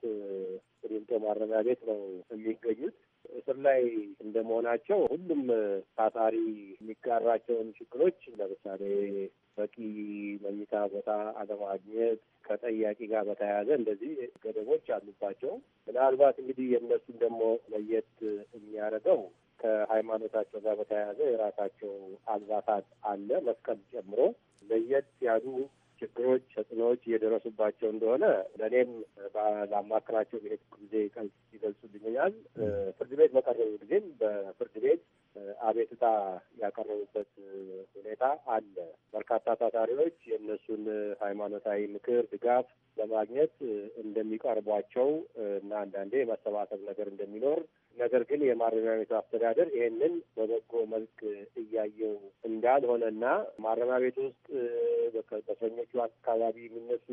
ቂሊንጦ ማረሚያ ቤት ነው የሚገኙት። እስር ላይ እንደመሆናቸው ሁሉም ታሳሪ የሚጋራቸውን ችግሮች ለምሳሌ በቂ መኝታ ቦታ አለማግኘት፣ ከጠያቂ ጋር በተያያዘ እንደዚህ ገደቦች አሉባቸው። ምናልባት እንግዲህ የእነሱን ደግሞ ለየት የሚያደርገው ከሃይማኖታቸው ጋር በተያያዘ የራሳቸው አልባሳት አለ መስቀል ጨምሮ ለየት ያሉ ችግሮች፣ ተጽዕኖዎች እየደረሱባቸው እንደሆነ ለእኔም ላማክራቸው ብሄድ ጊዜ ይገልጹልኛል። ፍርድ ቤት በቀረቡ ጊዜም በፍርድ ቤት አቤትታ ያቀረቡበት ሁኔታ አለ። በርካታ ታሳሪዎች የእነሱን ሃይማኖታዊ ምክር፣ ድጋፍ ለማግኘት እንደሚቀርቧቸው እና አንዳንዴ የማሰባሰብ ነገር እንደሚኖር ነገር ግን የማረሚያ ቤቱ አስተዳደር ይህንን በበጎ መልክ እያየው እንዳልሆነና ማረሚያ ቤት ውስጥ በእስረኞቹ አካባቢ የሚነሱ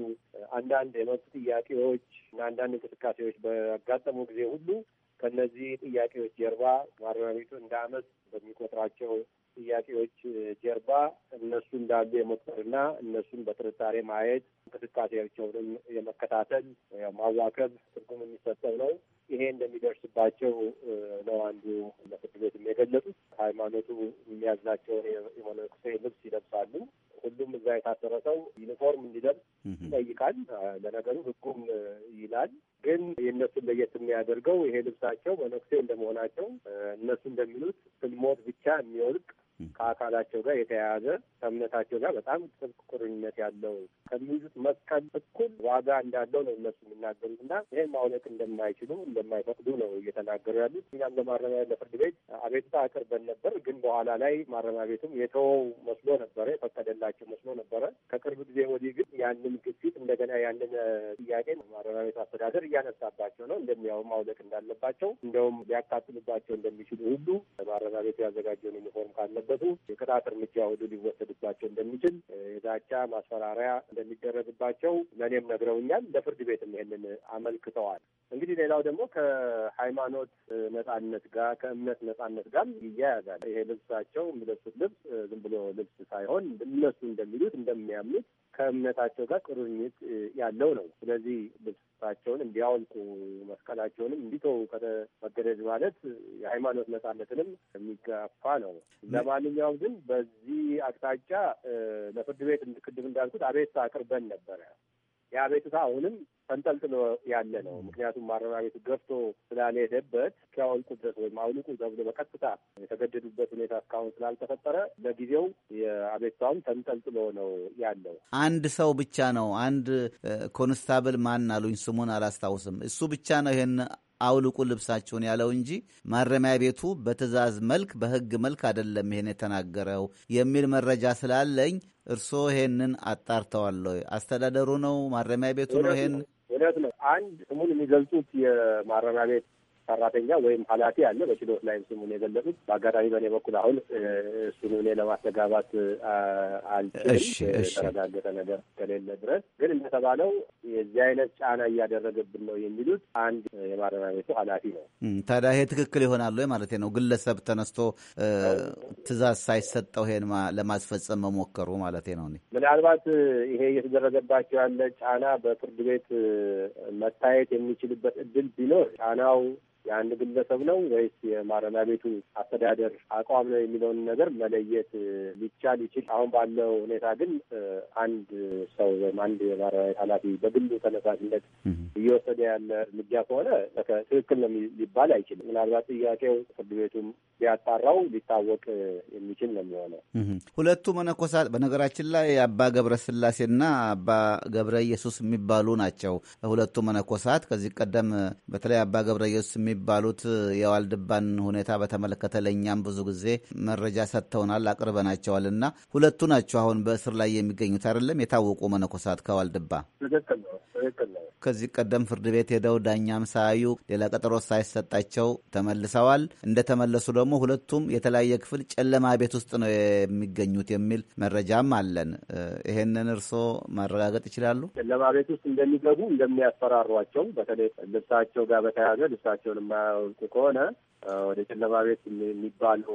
አንዳንድ የመብት ጥያቄዎች እና አንዳንድ እንቅስቃሴዎች በጋጠሙ ጊዜ ሁሉ ከነዚህ ጥያቄዎች ጀርባ ማረሚያ ቤቱ እንደ አመት በሚቆጥራቸው ጥያቄዎች ጀርባ እነሱ እንዳሉ የመቁጠርና እነሱን በጥርጣሬ ማየት እንቅስቃሴያቸውንም የመከታተል ማዋከብ ትርጉም የሚሰጠው ነው። ይሄ እንደሚደርስባቸው ነው አንዱ ለፍርድ ቤት የገለጡት። ሃይማኖቱ የሚያዛቸውን የመነኩሴ ልብስ ይለብሳሉ። ሁሉም እዛ የታሰረ ሰው ዩኒፎርም እንዲለብስ ይጠይቃል። ለነገሩ ህጉም ይላል። ግን የእነሱን ለየት የሚያደርገው ይሄ ልብሳቸው መነኩሴ እንደመሆናቸው እነሱ እንደሚሉት ስንሞት ብቻ የሚወልቅ ከአካላቸው ጋር የተያያዘ ከእምነታቸው ጋር በጣም ጥብቅ ቁርኝነት ያለው ከሚይዙት መስቀል እኩል ዋጋ እንዳለው ነው እነሱ የሚናገሩት እና ይህን ማውለቅ እንደማይችሉ እንደማይፈቅዱ ነው እየተናገሩ ያሉት። እኛም ለማረሚያ ለፍርድ ቤት አቤቱታ አቅርበን ነበር። ግን በኋላ ላይ ማረሚያ ቤቱም የተወው መስሎ ነበረ የፈቀደላ ያለባቸው መስሎ ነበረ። ከቅርብ ጊዜ ወዲህ ግን ያንን ግፊት እንደገና ያንን ጥያቄ ማረሚያ ቤት አስተዳደር እያነሳባቸው ነው። እንደሚያው ማውለቅ እንዳለባቸው እንደውም ሊያካትሉባቸው እንደሚችሉ ሁሉ ማረሚያ ቤቱ ያዘጋጀውን ዩኒፎርም ካለበሱ የቅጣት እርምጃ ሁሉ ሊወሰድባቸው እንደሚችል የዛቻ ማስፈራሪያ እንደሚደረግባቸው ለእኔም ነግረውኛል። ለፍርድ ቤትም ይህንን አመልክተዋል። እንግዲህ ሌላው ደግሞ ከሃይማኖት ነጻነት ጋር ከእምነት ነጻነት ጋር ይያያዛል። ይሄ ልብሳቸው የሚለብሱት ልብስ ዝም ብሎ ልብስ ሳይሆን እነሱ እነሱ እንደሚሉት እንደሚያምኑት ከእምነታቸው ጋር ቁርኝት ያለው ነው። ስለዚህ ልብሳቸውን እንዲያወልቁ መስቀላቸውንም እንዲተው መገደድ ማለት የሃይማኖት ነጻነትንም የሚጋፋ ነው። ለማንኛውም ግን በዚህ አቅጣጫ ለፍርድ ቤት ቅድም እንዳልኩት አቤቱታ አቅርበን ነበረ። የአቤቱታ አሁንም ተንጠልጥሎ ያለ ነው። ምክንያቱም ማረሚያ ቤቱ ገፍቶ ስላልሄደበት እስኪያወልቁ ድረስ ወይም አውልቁ ተብሎ በቀጥታ የተገደዱበት ሁኔታ እስካሁን ስላልተፈጠረ ለጊዜው የአቤቱታውን ተንጠልጥሎ ነው ያለው። አንድ ሰው ብቻ ነው። አንድ ኮንስታብል ማን አሉኝ፣ ስሙን አላስታውስም። እሱ ብቻ ነው ይሄን አውልቁ ልብሳችሁን ያለው እንጂ ማረሚያ ቤቱ በትዕዛዝ መልክ በሕግ መልክ አይደለም ይሄን የተናገረው የሚል መረጃ ስላለኝ እርስዎ ይሄንን አጣርተዋለሁ። አስተዳደሩ ነው ማረሚያ ቤቱ ነው ይሄን እውነት ነው። አንድ ስሙን የሚገልጹት የማረሚያ ቤት ሰራተኛ ወይም ኃላፊ አለ። በችሎት ላይም ስሙን የገለጹት በአጋጣሚ በእኔ በኩል አሁን እሱን እኔ ለማስተጋባት አልችልም የተረጋገጠ ነገር ከሌለ ድረስ ግን እንደተባለው የዚህ አይነት ጫና እያደረገብን ነው የሚሉት አንድ የማረሚያ ቤቱ ኃላፊ ነው። ታዲያ ይሄ ትክክል ይሆናል ወይ ማለት ነው? ግለሰብ ተነስቶ ትዛዝ ሳይሰጠው ይሄን ለማስፈጸም መሞከሩ ማለት ነው። ምናልባት ይሄ እየተደረገባቸው ያለ ጫና በፍርድ ቤት መታየት የሚችልበት እድል ቢኖር ጫናው የአንድ ግለሰብ ነው ወይስ የማረሚያ ቤቱ አስተዳደር አቋም ነው የሚለውን ነገር መለየት ሊቻል ይችል። አሁን ባለው ሁኔታ ግን አንድ ሰው ወይም አንድ የማረሚያ ቤት ኃላፊ በግሉ ተነሳሽነት እየወሰደ ያለ እርምጃ ከሆነ ትክክል ነው ሊባል አይችልም። ምናልባት ጥያቄው ፍርድ ቤቱም ሊያጣራው ሊታወቅ የሚችል ነው የሚሆነው። ሁለቱ መነኮሳት በነገራችን ላይ አባ ገብረ ስላሴና አባ ገብረ ኢየሱስ የሚባሉ ናቸው። ሁለቱ መነኮሳት ከዚህ ቀደም በተለይ አባ ገብረ ኢየሱስ የሚ የሚባሉት የዋልድባን ሁኔታ በተመለከተ ለእኛም ብዙ ጊዜ መረጃ ሰጥተውናል፣ አቅርበናቸዋል እና ሁለቱ ናቸው አሁን በእስር ላይ የሚገኙት አይደለም? የታወቁ መነኮሳት ከዋልድባ። ትክክል ነው፣ ነው። ከዚህ ቀደም ፍርድ ቤት ሄደው ዳኛም ሳያዩ ሌላ ቀጠሮ ሳይሰጣቸው ተመልሰዋል። እንደተመለሱ ደግሞ ሁለቱም የተለያየ ክፍል ጨለማ ቤት ውስጥ ነው የሚገኙት የሚል መረጃም አለን። ይሄንን እርስዎ ማረጋገጥ ይችላሉ? ጨለማ ቤት ውስጥ እንደሚገቡ እንደሚያስፈራሯቸው፣ በተለይ ልብሳቸው ጋር በተያያዘ ልብሳቸውን የማያወልቁ ከሆነ ወደ ጨለማ ቤት የሚባለው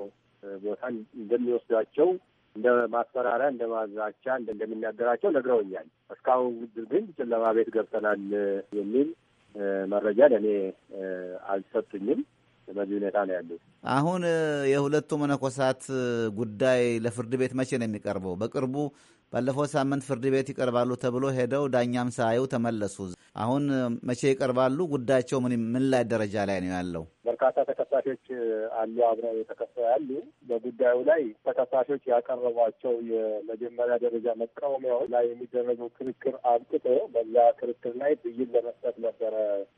ቦታ እንደሚወስዷቸው እንደ ማስፈራሪያ፣ እንደ ማዛቻ እንደሚናገራቸው ነግረውኛል። እስካሁን ግን ጨለማ ቤት ገብተናል የሚል መረጃ ለእኔ አልሰጡኝም። በዚህ ሁኔታ ነው ያሉት። አሁን የሁለቱ መነኮሳት ጉዳይ ለፍርድ ቤት መቼ ነው የሚቀርበው? በቅርቡ ባለፈው ሳምንት ፍርድ ቤት ይቀርባሉ ተብሎ ሄደው ዳኛም ሳያዩ ተመለሱ። አሁን መቼ ይቀርባሉ? ጉዳያቸው ምን ላይ ደረጃ ላይ ነው ያለው? በርካታ ተከሳሾች አሉ፣ አብረው የተከሰው ያሉ። በጉዳዩ ላይ ተከሳሾች ያቀረቧቸው የመጀመሪያ ደረጃ መቃወሚያዎች ላይ የሚደረገው ክርክር አብቅቶ በዛ ክርክር ላይ ብይን ለመስጠት ነበረ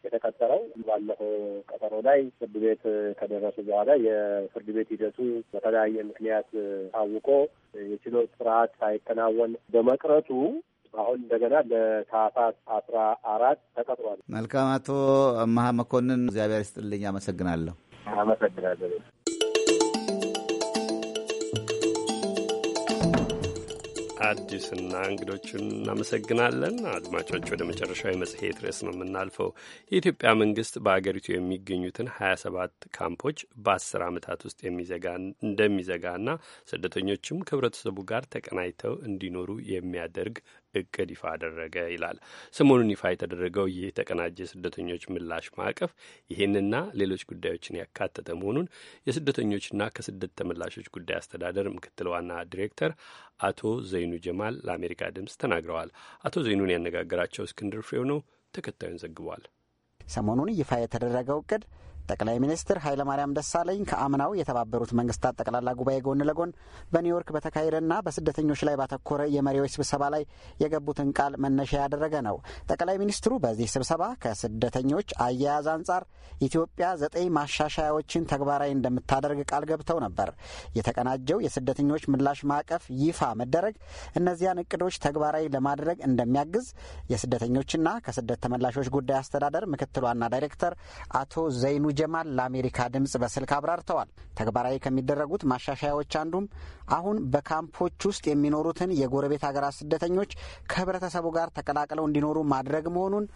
የተቀጠረው። ባለፈው ቀጠሮ ላይ ፍርድ ቤት ከደረሱ በኋላ የፍርድ ቤት ሂደቱ በተለያየ ምክንያት ታውቆ የችሎት ስርዓት ሳይከናወን በመቅረቱ አሁን እንደገና ለታህሳስ አስራ አራት ተቀጥሯል። መልካም። አቶ አመሀ መኮንን እግዚአብሔር ይስጥልኝ። አመሰግናለሁ። አመሰግናለሁ። አዲስና እንግዶቹን እናመሰግናለን። አድማጮች ወደ መጨረሻዊ መጽሔት ርዕስ ነው የምናልፈው። የኢትዮጵያ መንግስት በአገሪቱ የሚገኙትን ሰባት ካምፖች በአስር ዓመታት ውስጥ እንደሚዘጋና ስደተኞችም ከህብረተሰቡ ጋር ተቀናይተው እንዲኖሩ የሚያደርግ እቅድ ይፋ አደረገ ይላል። ሰሞኑን ይፋ የተደረገው ይህ የተቀናጀ የስደተኞች ምላሽ ማዕቀፍ ይህንና ሌሎች ጉዳዮችን ያካተተ መሆኑን የስደተኞችና ከስደት ተመላሾች ጉዳይ አስተዳደር ምክትል ዋና ዲሬክተር አቶ ዘይኑ ጀማል ለአሜሪካ ድምፅ ተናግረዋል። አቶ ዘይኑን ያነጋገራቸው እስክንድር ፍሬው ነው። ተከታዩን ዘግቧል። ሰሞኑን ይፋ የተደረገው እቅድ ጠቅላይ ሚኒስትር ኃይለማርያም ደሳለኝ ከአምናው የተባበሩት መንግስታት ጠቅላላ ጉባኤ ጎን ለጎን በኒውዮርክ በተካሄደና በስደተኞች ላይ ባተኮረ የመሪዎች ስብሰባ ላይ የገቡትን ቃል መነሻ ያደረገ ነው። ጠቅላይ ሚኒስትሩ በዚህ ስብሰባ ከስደተኞች አያያዝ አንጻር ኢትዮጵያ ዘጠኝ ማሻሻያዎችን ተግባራዊ እንደምታደርግ ቃል ገብተው ነበር። የተቀናጀው የስደተኞች ምላሽ ማዕቀፍ ይፋ መደረግ እነዚያን እቅዶች ተግባራዊ ለማድረግ እንደሚያግዝ የስደተኞችና ከስደት ተመላሾች ጉዳይ አስተዳደር ምክትል ዋና ዳይሬክተር አቶ ዘይኑ ጀማል ለአሜሪካ ድምፅ በስልክ አብራርተዋል። ተግባራዊ ከሚደረጉት ማሻሻያዎች አንዱም አሁን በካምፖች ውስጥ የሚኖሩትን የጎረቤት ሀገራት ስደተኞች ከህብረተሰቡ ጋር ተቀላቅለው እንዲኖሩ ማድረግ መሆኑን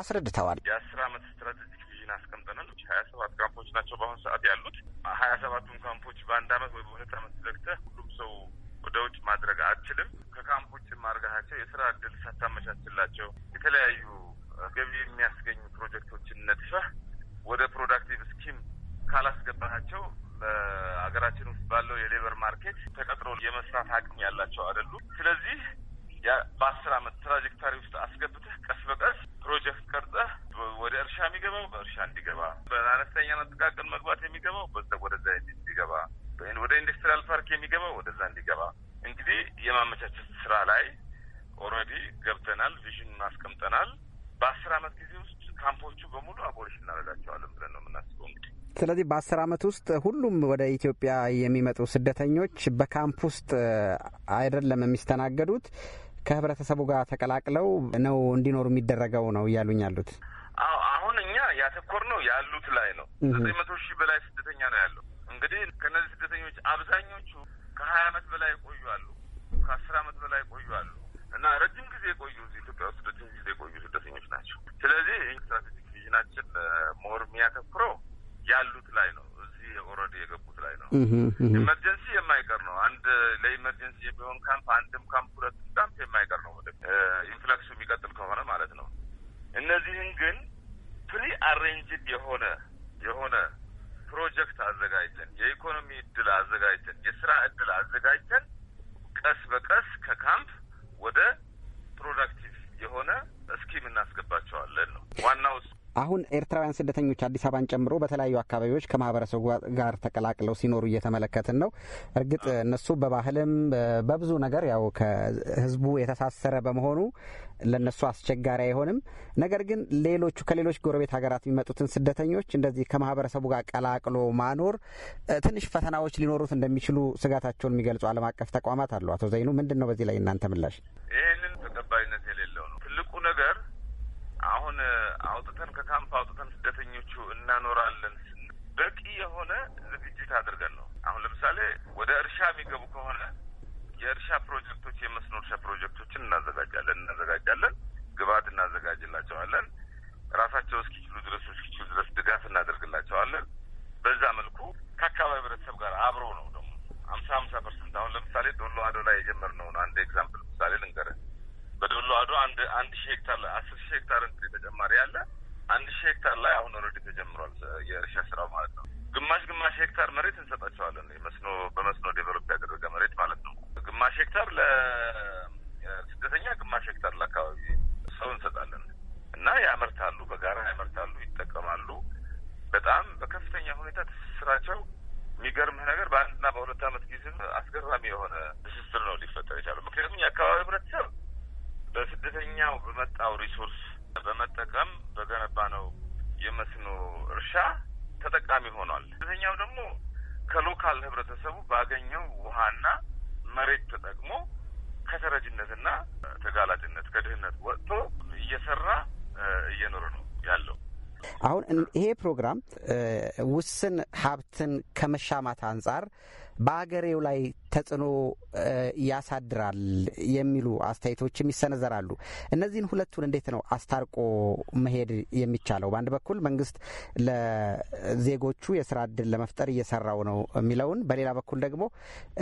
አስረድተዋል። የአስር አመት ስትራቴጂክ ቪዥን አስቀምጠናል። ሀያ ሰባት ካምፖች ናቸው በአሁኑ ሰዓት ያሉት። ሀያ ሰባቱን ካምፖች በአንድ አመት ወይ በሁለት አመት ዘግተህ ሁሉም ሰው ወደ ውጭ ማድረግ አትችልም። ከካምፖች ማድረጋቸው የስራ እድል ሳታመቻችላቸው የተለያዩ ገቢ የሚያስገኙ ፕሮጀክቶችን ነድፈህ ወደ ፕሮዳክቲቭ ስኪም ካላስገባቸው በሀገራችን ውስጥ ባለው የሌበር ማርኬት ተቀጥሮ የመስራት አቅም ያላቸው አይደሉም። ስለዚህ በአስር አመት ትራጀክታሪ ውስጥ አስገብተህ ቀስ በቀስ ፕሮጀክት ቀርጸህ ወደ እርሻ የሚገባው በእርሻ እንዲገባ፣ በአነስተኛና ጥቃቅን መግባት የሚገባው ወደዛ እንዲገባ፣ ወደ ኢንዱስትሪያል ፓርክ የሚገባው ወደዛ እንዲገባ እንግዲህ የማመቻቸት ስራ ላይ ኦልሬዲ ገብተናል። ቪዥን አስቀምጠናል። በአስር አመት ካምፖቹ በሙሉ አቦሊሽ እናደርጋቸዋለን ብለን ነው የምናስበው። እንግዲህ ስለዚህ በአስር አመት ውስጥ ሁሉም ወደ ኢትዮጵያ የሚመጡ ስደተኞች በካምፕ ውስጥ አይደለም የሚስተናገዱት ከህብረተሰቡ ጋር ተቀላቅለው ነው እንዲኖሩ የሚደረገው ነው እያሉኝ ያሉት። አዎ አሁን እኛ ያተኮር ነው ያሉት ላይ ነው። ዘጠኝ መቶ ሺህ በላይ ስደተኛ ነው ያለው። እንግዲህ ከእነዚህ ስደተኞች አብዛኞቹ ከሀያ አመት በላይ ቆዩ አሉ፣ ከአስር አመት በላይ ቆዩ አሉ እና ረጅም ጊዜ የቆዩ ኢትዮጵያ ውስጥ ረጅም ጊዜ የቆዩ ስደተኞች ናቸው። ስለዚህ ስትራቴጂክ ቪዥናችን ሞር የሚያተኩረው ያሉት ላይ ነው። እዚህ ኦልሬዲ የገቡት ላይ ነው። ኢመርጀንሲ የማይቀር ነው። አንድ ለኢመርጀንሲ የሚሆን ካምፕ አንድም ካምፕ ሁለት ካምፕ የማይቀር ነው። ወደ ኢንፍላክሱ የሚቀጥል ከሆነ ማለት ነው። እነዚህን ግን ፕሪ አሬንጅድ የሆነ የሆነ ፕሮጀክት አዘጋጅተን የኢኮኖሚ እድል አዘጋጅተን የስራ እድል አዘጋጅተን ቀስ በቀስ ከካምፕ ወደ ፕሮዳክቲቭ የሆነ እስኪም እናስገባቸዋለን ነው ዋናው። አሁን ኤርትራውያን ስደተኞች አዲስ አበባን ጨምሮ በተለያዩ አካባቢዎች ከማህበረሰቡ ጋር ተቀላቅለው ሲኖሩ እየተመለከትን ነው። እርግጥ እነሱ በባህልም በብዙ ነገር ያው ከህዝቡ የተሳሰረ በመሆኑ ለነሱ አስቸጋሪ አይሆንም። ነገር ግን ሌሎቹ ከሌሎች ጎረቤት ሀገራት የሚመጡትን ስደተኞች እንደዚህ ከማህበረሰቡ ጋር ቀላቅሎ ማኖር ትንሽ ፈተናዎች ሊኖሩት እንደሚችሉ ስጋታቸውን የሚገልጹ ዓለም አቀፍ ተቋማት አሉ። አቶ ዘይኑ ምንድን ነው በዚህ ላይ እናንተ ምላሽ? ይህንን ተቀባይነት የሌለው ነው ትልቁ ነገር አሁን አውጥተን ከካምፕ አውጥተን ስደተኞቹ እናኖራለን በቂ የሆነ ዝግጅት አድርገን ነው። አሁን ለምሳሌ ወደ እርሻ የሚገቡ ከሆነ የእርሻ ፕሮጀክቶች የመስኖ እርሻ ፕሮጀክቶችን እናዘጋጃለን እናዘጋጃለን መብትን ከመሻማት አንጻር በአገሬው ላይ ተጽዕኖ ያሳድራል የሚሉ አስተያየቶችም ይሰነዘራሉ። እነዚህን ሁለቱን እንዴት ነው አስታርቆ መሄድ የሚቻለው? በአንድ በኩል መንግስት ለዜጎቹ የስራ እድል ለመፍጠር እየሰራው ነው የሚለውን፣ በሌላ በኩል ደግሞ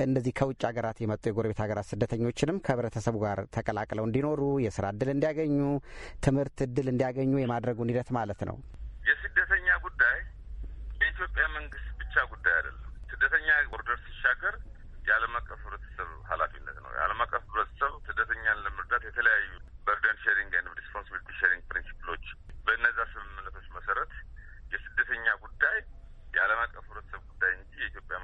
እነዚህ ከውጭ ሀገራት የመጡ የጎረቤት ሀገራት ስደተኞችንም ከህብረተሰቡ ጋር ተቀላቅለው እንዲኖሩ የስራ እድል እንዲያገኙ፣ ትምህርት እድል እንዲያገኙ የማድረጉን ሂደት ማለት ነው። የስደተኛ ጉዳይ የኢትዮጵያ መንግስት ብቻ ጉዳይ አይደለም። ስደተኛ ቦርደር ሲሻገር የዓለም አቀፍ ህብረተሰብ ኃላፊነት ነው። የዓለም አቀፍ ህብረተሰብ ስደተኛን ለመርዳት የተለያዩ በርደን ሼሪንግ ኤንድ ሪስፖንሲቢሊቲ ሼሪንግ ፕሪንሲፕሎች፣ በእነዛ ስምምነቶች መሰረት የስደተኛ ጉዳይ የዓለም አቀፍ ህብረተሰብ ጉዳይ እንጂ የኢትዮጵያ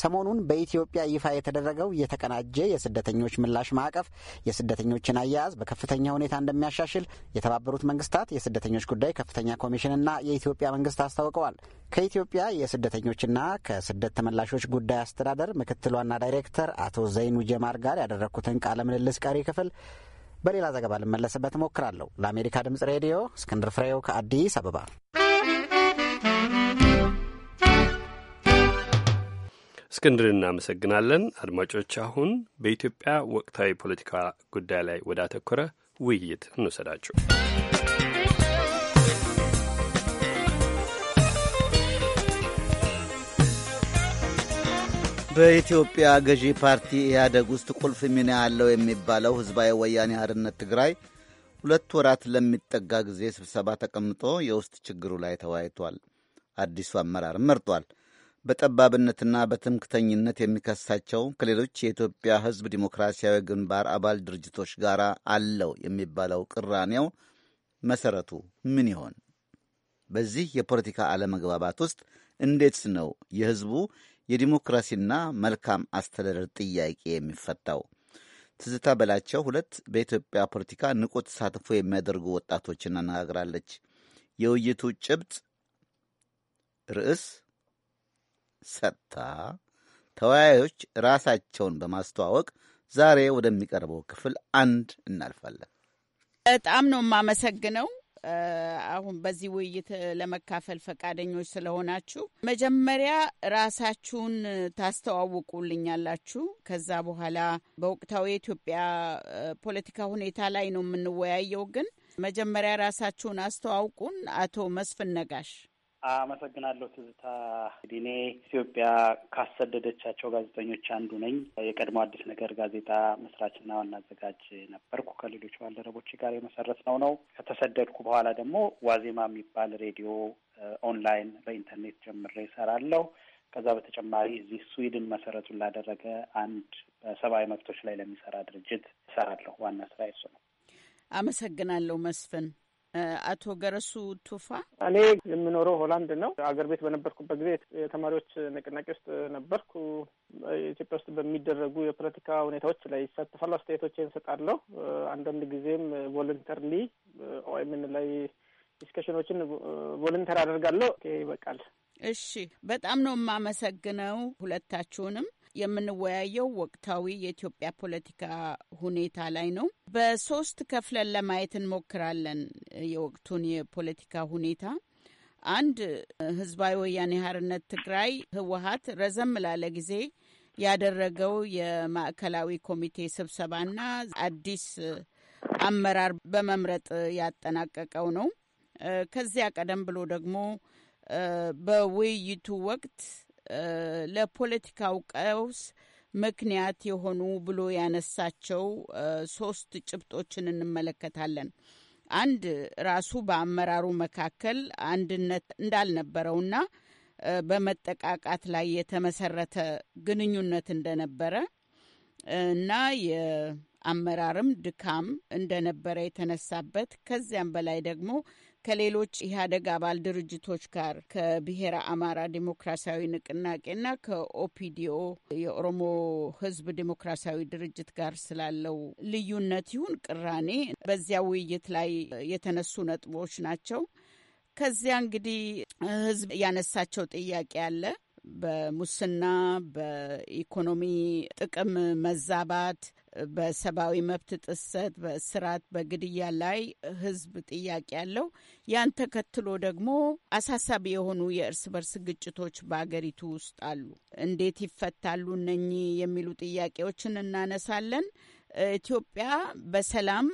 ሰሞኑን በኢትዮጵያ ይፋ የተደረገው የተቀናጀ የስደተኞች ምላሽ ማዕቀፍ የስደተኞችን አያያዝ በከፍተኛ ሁኔታ እንደሚያሻሽል የተባበሩት መንግስታት የስደተኞች ጉዳይ ከፍተኛ ኮሚሽንና የኢትዮጵያ መንግስት አስታውቀዋል። ከኢትዮጵያ የስደተኞችና ከስደት ተመላሾች ጉዳይ አስተዳደር ምክትል ዋና ዳይሬክተር አቶ ዘይኑ ጀማር ጋር ያደረግኩትን ቃለ ምልልስ ቀሪ ክፍል በሌላ ዘገባ ልመለስበት እሞክራለሁ። ለአሜሪካ ድምጽ ሬዲዮ እስክንድር ፍሬው ከአዲስ አበባ እስክንድር እናመሰግናለን። አድማጮች፣ አሁን በኢትዮጵያ ወቅታዊ ፖለቲካ ጉዳይ ላይ ወዳተኮረ ውይይት እንወሰዳችሁ። በኢትዮጵያ ገዢ ፓርቲ ኢህአደግ ውስጥ ቁልፍ ሚና ያለው የሚባለው ህዝባዊ ወያኔ ሓርነት ትግራይ ሁለት ወራት ለሚጠጋ ጊዜ ስብሰባ ተቀምጦ የውስጥ ችግሩ ላይ ተወያይቷል። አዲሱ አመራርም መርጧል። በጠባብነትና በትምክተኝነት የሚከሳቸው ከሌሎች የኢትዮጵያ ሕዝብ ዲሞክራሲያዊ ግንባር አባል ድርጅቶች ጋር አለው የሚባለው ቅራኔው መሰረቱ ምን ይሆን? በዚህ የፖለቲካ አለመግባባት ውስጥ እንዴትስ ነው የሕዝቡ የዲሞክራሲና መልካም አስተዳደር ጥያቄ የሚፈታው? ትዝታ በላቸው ሁለት በኢትዮጵያ ፖለቲካ ንቁ ተሳትፎ የሚያደርጉ ወጣቶችን አነጋግራለች። የውይይቱ ጭብጥ ርዕስ ሰጥታ ተወያዮች ራሳቸውን በማስተዋወቅ ዛሬ ወደሚቀርበው ክፍል አንድ እናልፋለን። በጣም ነው የማመሰግነው። አሁን በዚህ ውይይት ለመካፈል ፈቃደኞች ስለሆናችሁ መጀመሪያ ራሳችሁን ታስተዋውቁልኛላችሁ። ከዛ በኋላ በወቅታዊ የኢትዮጵያ ፖለቲካ ሁኔታ ላይ ነው የምንወያየው። ግን መጀመሪያ ራሳችሁን አስተዋውቁን። አቶ መስፍን ነጋሽ አመሰግናለሁ ትዝታ። ዲኔ ኢትዮጵያ ካሰደደቻቸው ጋዜጠኞች አንዱ ነኝ። የቀድሞ አዲስ ነገር ጋዜጣ መስራችና ዋና አዘጋጅ ነበርኩ። ከሌሎች ባልደረቦች ጋር የመሰረት ነው ነው ከተሰደድኩ በኋላ ደግሞ ዋዜማ የሚባል ሬዲዮ ኦንላይን በኢንተርኔት ጀምሬ እሰራለሁ። ከዛ በተጨማሪ እዚህ ስዊድን መሰረቱን ላደረገ አንድ በሰብአዊ መብቶች ላይ ለሚሰራ ድርጅት እሰራለሁ። ዋና ስራ እሱ ነው። አመሰግናለሁ መስፍን። አቶ ገረሱ ቱፋ። እኔ የምኖረው ሆላንድ ነው። አገር ቤት በነበርኩበት ጊዜ የተማሪዎች ንቅናቄ ውስጥ ነበርኩ። ኢትዮጵያ ውስጥ በሚደረጉ የፖለቲካ ሁኔታዎች ላይ ይሳተፋሉ፣ አስተያየቶችን እሰጣለሁ። አንዳንድ ጊዜም ቮለንተርሊ ኦኤምን ላይ ዲስከሽኖችን ቮለንተር አደርጋለሁ። ይበቃል። እሺ፣ በጣም ነው የማመሰግነው ሁለታችሁንም። የምንወያየው ወቅታዊ የኢትዮጵያ ፖለቲካ ሁኔታ ላይ ነው። በሶስት ከፍለን ለማየት እንሞክራለን የወቅቱን የፖለቲካ ሁኔታ። አንድ ህዝባዊ ወያኔ ሀርነት ትግራይ ህወሀት ረዘም ላለ ጊዜ ያደረገው የማዕከላዊ ኮሚቴ ስብሰባና አዲስ አመራር በመምረጥ ያጠናቀቀው ነው። ከዚያ ቀደም ብሎ ደግሞ በውይይቱ ወቅት ለፖለቲካው ቀውስ ምክንያት የሆኑ ብሎ ያነሳቸው ሶስት ጭብጦችን እንመለከታለን። አንድ ራሱ በአመራሩ መካከል አንድነት እንዳልነበረውና በመጠቃቃት ላይ የተመሰረተ ግንኙነት እንደነበረ እና የአመራርም ድካም እንደነበረ የተነሳበት ከዚያም በላይ ደግሞ ከሌሎች ኢህአዴግ አባል ድርጅቶች ጋር ከብሔረ አማራ ዲሞክራሲያዊ ንቅናቄና ከኦፒዲኦ የኦሮሞ ህዝብ ዲሞክራሲያዊ ድርጅት ጋር ስላለው ልዩነት ይሁን ቅራኔ በዚያ ውይይት ላይ የተነሱ ነጥቦች ናቸው። ከዚያ እንግዲህ ህዝብ ያነሳቸው ጥያቄ አለ። በሙስና፣ በኢኮኖሚ ጥቅም መዛባት፣ በሰብአዊ መብት ጥሰት፣ በእስራት፣ በግድያ ላይ ህዝብ ጥያቄ ያለው ያን ተከትሎ ደግሞ አሳሳቢ የሆኑ የእርስ በርስ ግጭቶች በአገሪቱ ውስጥ አሉ። እንዴት ይፈታሉ እነኚህ የሚሉ ጥያቄዎችን እናነሳለን። ኢትዮጵያ በሰላም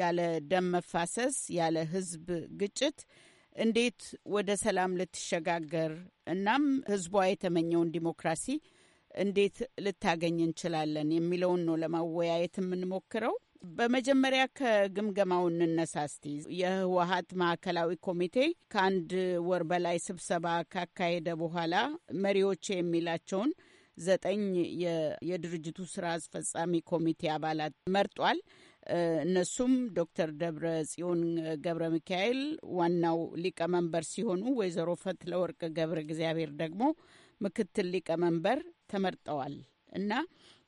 ያለ ደም መፋሰስ ያለ ህዝብ ግጭት እንዴት ወደ ሰላም ልትሸጋገር እናም ህዝቧ የተመኘውን ዲሞክራሲ እንዴት ልታገኝ እንችላለን የሚለውን ነው ለማወያየት የምንሞክረው። በመጀመሪያ ከግምገማው እንነሳ እስቲ። የህወሀት ማዕከላዊ ኮሚቴ ከአንድ ወር በላይ ስብሰባ ካካሄደ በኋላ መሪዎች የሚላቸውን ዘጠኝ የድርጅቱ ስራ አስፈጻሚ ኮሚቴ አባላት መርጧል። እነሱም ዶክተር ደብረ ጽዮን ገብረ ሚካኤል ዋናው ሊቀመንበር ሲሆኑ ወይዘሮ ፈትለወርቅ ገብረ እግዚአብሔር ደግሞ ምክትል ሊቀመንበር ተመርጠዋል። እና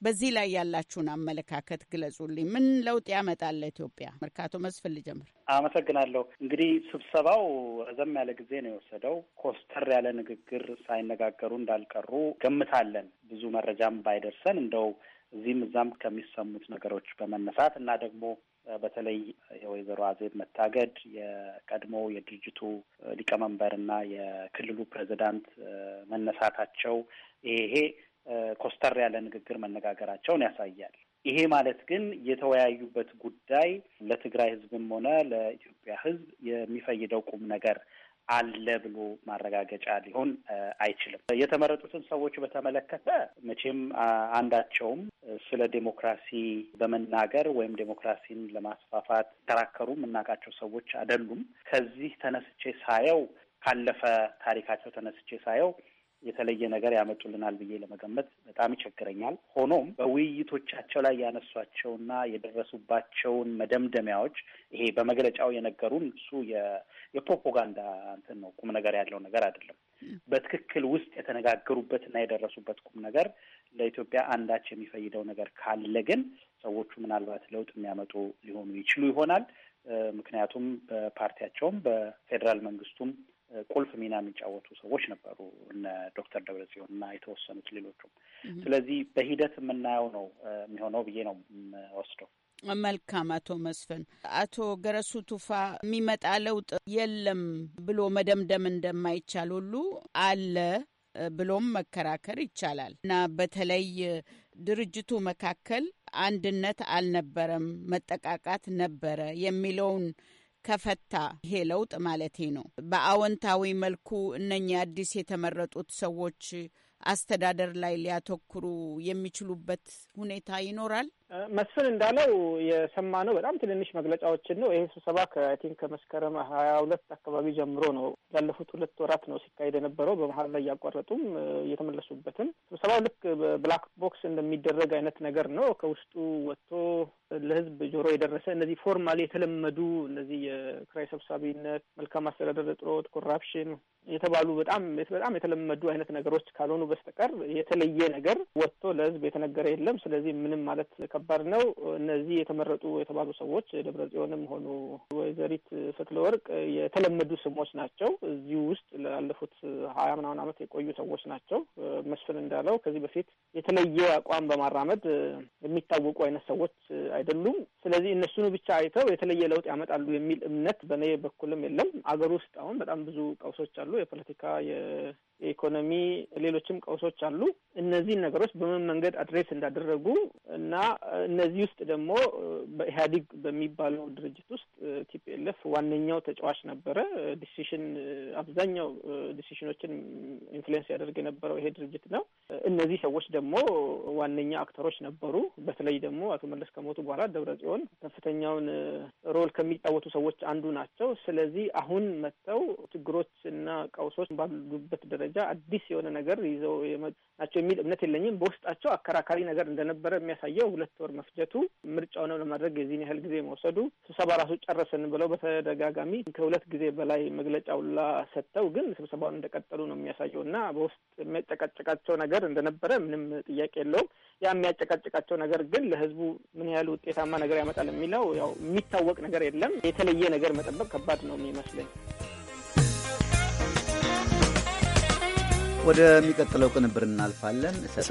በዚህ ላይ ያላችሁን አመለካከት ግለጹልኝ። ምን ለውጥ ያመጣል ለኢትዮጵያ? መርካቶ መስፍን ልጀምር። አመሰግናለሁ። እንግዲህ ስብሰባው ረዘም ያለ ጊዜ ነው የወሰደው። ኮስተር ያለ ንግግር ሳይነጋገሩ እንዳልቀሩ ገምታለን። ብዙ መረጃም ባይደርሰን እንደው እዚህም እዛም ከሚሰሙት ነገሮች በመነሳት እና ደግሞ በተለይ የወይዘሮ አዜብ መታገድ የቀድሞ የድርጅቱ ሊቀመንበር ና የክልሉ ፕሬዚዳንት መነሳታቸው ይሄ ኮስተር ያለ ንግግር መነጋገራቸውን ያሳያል። ይሄ ማለት ግን የተወያዩበት ጉዳይ ለትግራይ ሕዝብም ሆነ ለኢትዮጵያ ሕዝብ የሚፈይደው ቁም ነገር አለ ብሎ ማረጋገጫ ሊሆን አይችልም። የተመረጡትን ሰዎች በተመለከተ መቼም አንዳቸውም ስለ ዴሞክራሲ በመናገር ወይም ዴሞክራሲን ለማስፋፋት ተራከሩ የምናውቃቸው ሰዎች አይደሉም። ከዚህ ተነስቼ ሳየው ካለፈ ታሪካቸው ተነስቼ ሳየው የተለየ ነገር ያመጡልናል ብዬ ለመገመት በጣም ይቸግረኛል። ሆኖም በውይይቶቻቸው ላይ ያነሷቸውና የደረሱባቸውን መደምደሚያዎች ይሄ በመግለጫው የነገሩን እሱ የፕሮፓጋንዳ እንትን ነው፣ ቁም ነገር ያለው ነገር አይደለም። በትክክል ውስጥ የተነጋገሩበትና የደረሱበት ቁም ነገር ለኢትዮጵያ አንዳች የሚፈይደው ነገር ካለ ግን ሰዎቹ ምናልባት ለውጥ የሚያመጡ ሊሆኑ ይችሉ ይሆናል። ምክንያቱም በፓርቲያቸውም በፌዴራል መንግስቱም ቁልፍ ሚና የሚጫወቱ ሰዎች ነበሩ እነ ዶክተር ደብረጽዮን እና የተወሰኑት ሌሎቹም። ስለዚህ በሂደት የምናየው ነው የሚሆነው ብዬ ነው ወስደው። መልካም አቶ መስፍን። አቶ ገረሱ ቱፋ የሚመጣ ለውጥ የለም ብሎ መደምደም እንደማይቻል ሁሉ አለ ብሎም መከራከር ይቻላል እና በተለይ ድርጅቱ መካከል አንድነት አልነበረም፣ መጠቃቃት ነበረ የሚለውን ከፈታ ይሄ ለውጥ ማለቴ ነው በአዎንታዊ መልኩ እነኚህ አዲስ የተመረጡት ሰዎች አስተዳደር ላይ ሊያተኩሩ የሚችሉበት ሁኔታ ይኖራል? መስፍን እንዳለው የሰማ ነው በጣም ትንንሽ መግለጫዎችን ነው። ይሄ ስብሰባ ከቲንክ ከመስከረም ሀያ ሁለት አካባቢ ጀምሮ ነው ላለፉት ሁለት ወራት ነው ሲካሄድ የነበረው። በመሀል ላይ እያቋረጡም እየተመለሱበትም ስብሰባው ልክ በብላክ ቦክስ እንደሚደረግ አይነት ነገር ነው። ከውስጡ ወጥቶ ለህዝብ ጆሮ የደረሰ እነዚህ ፎርማል የተለመዱ እነዚህ የክራይ ሰብሳቢነት፣ መልካም አስተዳደር እጥረት፣ ኮራፕሽን የተባሉ በጣም በጣም የተለመዱ አይነት ነገሮች ካልሆኑ በስተቀር የተለየ ነገር ወጥቶ ለህዝብ የተነገረ የለም። ስለዚህ ምንም ማለት ከባድ ነው። እነዚህ የተመረጡ የተባሉ ሰዎች ደብረ ጽዮንም ሆኑ ወይዘሪት ፍትለ ወርቅ የተለመዱ ስሞች ናቸው። እዚሁ ውስጥ ላለፉት ሀያ ምናምን ዓመት የቆዩ ሰዎች ናቸው። መስፍን እንዳለው ከዚህ በፊት የተለየ አቋም በማራመድ የሚታወቁ አይነት ሰዎች አይደሉም። ስለዚህ እነሱኑ ብቻ አይተው የተለየ ለውጥ ያመጣሉ የሚል እምነት በእኔ በኩልም የለም። አገር ውስጥ አሁን በጣም ብዙ ቀውሶች አሉ። የፖለቲካ የኢኮኖሚ ሌሎችም ቀውሶች አሉ። እነዚህን ነገሮች በምን መንገድ አድሬስ እንዳደረጉ እና እነዚህ ውስጥ ደግሞ በኢህአዲግ በሚባለው ድርጅት ውስጥ ቲፒኤልኤፍ ዋነኛው ተጫዋች ነበረ። ዲሲሽን አብዛኛው ዲሲሽኖችን ኢንፍሉዌንስ ያደርግ የነበረው ይሄ ድርጅት ነው። እነዚህ ሰዎች ደግሞ ዋነኛ አክተሮች ነበሩ። በተለይ ደግሞ አቶ መለስ ከሞቱ በኋላ ደብረ ጽዮን ከፍተኛውን ሮል ከሚጫወቱ ሰዎች አንዱ ናቸው። ስለዚህ አሁን መጥተው ችግሮች እና ቀውሶች ባሉበት ደረጃ ደረጃ አዲስ የሆነ ነገር ይዘው ናቸው የሚል እምነት የለኝም። በውስጣቸው አከራካሪ ነገር እንደነበረ የሚያሳየው ሁለት ወር መፍጀቱ፣ ሆነው ለማድረግ የዚህን ያህል ጊዜ መውሰዱ፣ ስብሰባ ራሱ ጨረስን ብለው በተደጋጋሚ ከሁለት ጊዜ በላይ መግለጫ ሁላ ሰጥተው ግን ስብሰባውን እንደቀጠሉ ነው የሚያሳየው እና በውስጥ የሚያጨቃጨቃቸው ነገር እንደነበረ ምንም ጥያቄ የለውም። ያ የሚያጨቃጨቃቸው ነገር ግን ለህዝቡ ምን ያህል ውጤታማ ነገር ያመጣል የሚለው ያው የሚታወቅ ነገር የለም። የተለየ ነገር መጠበቅ ከባድ ነው የሚመስለኝ። ወደሚቀጥለው ቅንብር እናልፋለን። እሰጥ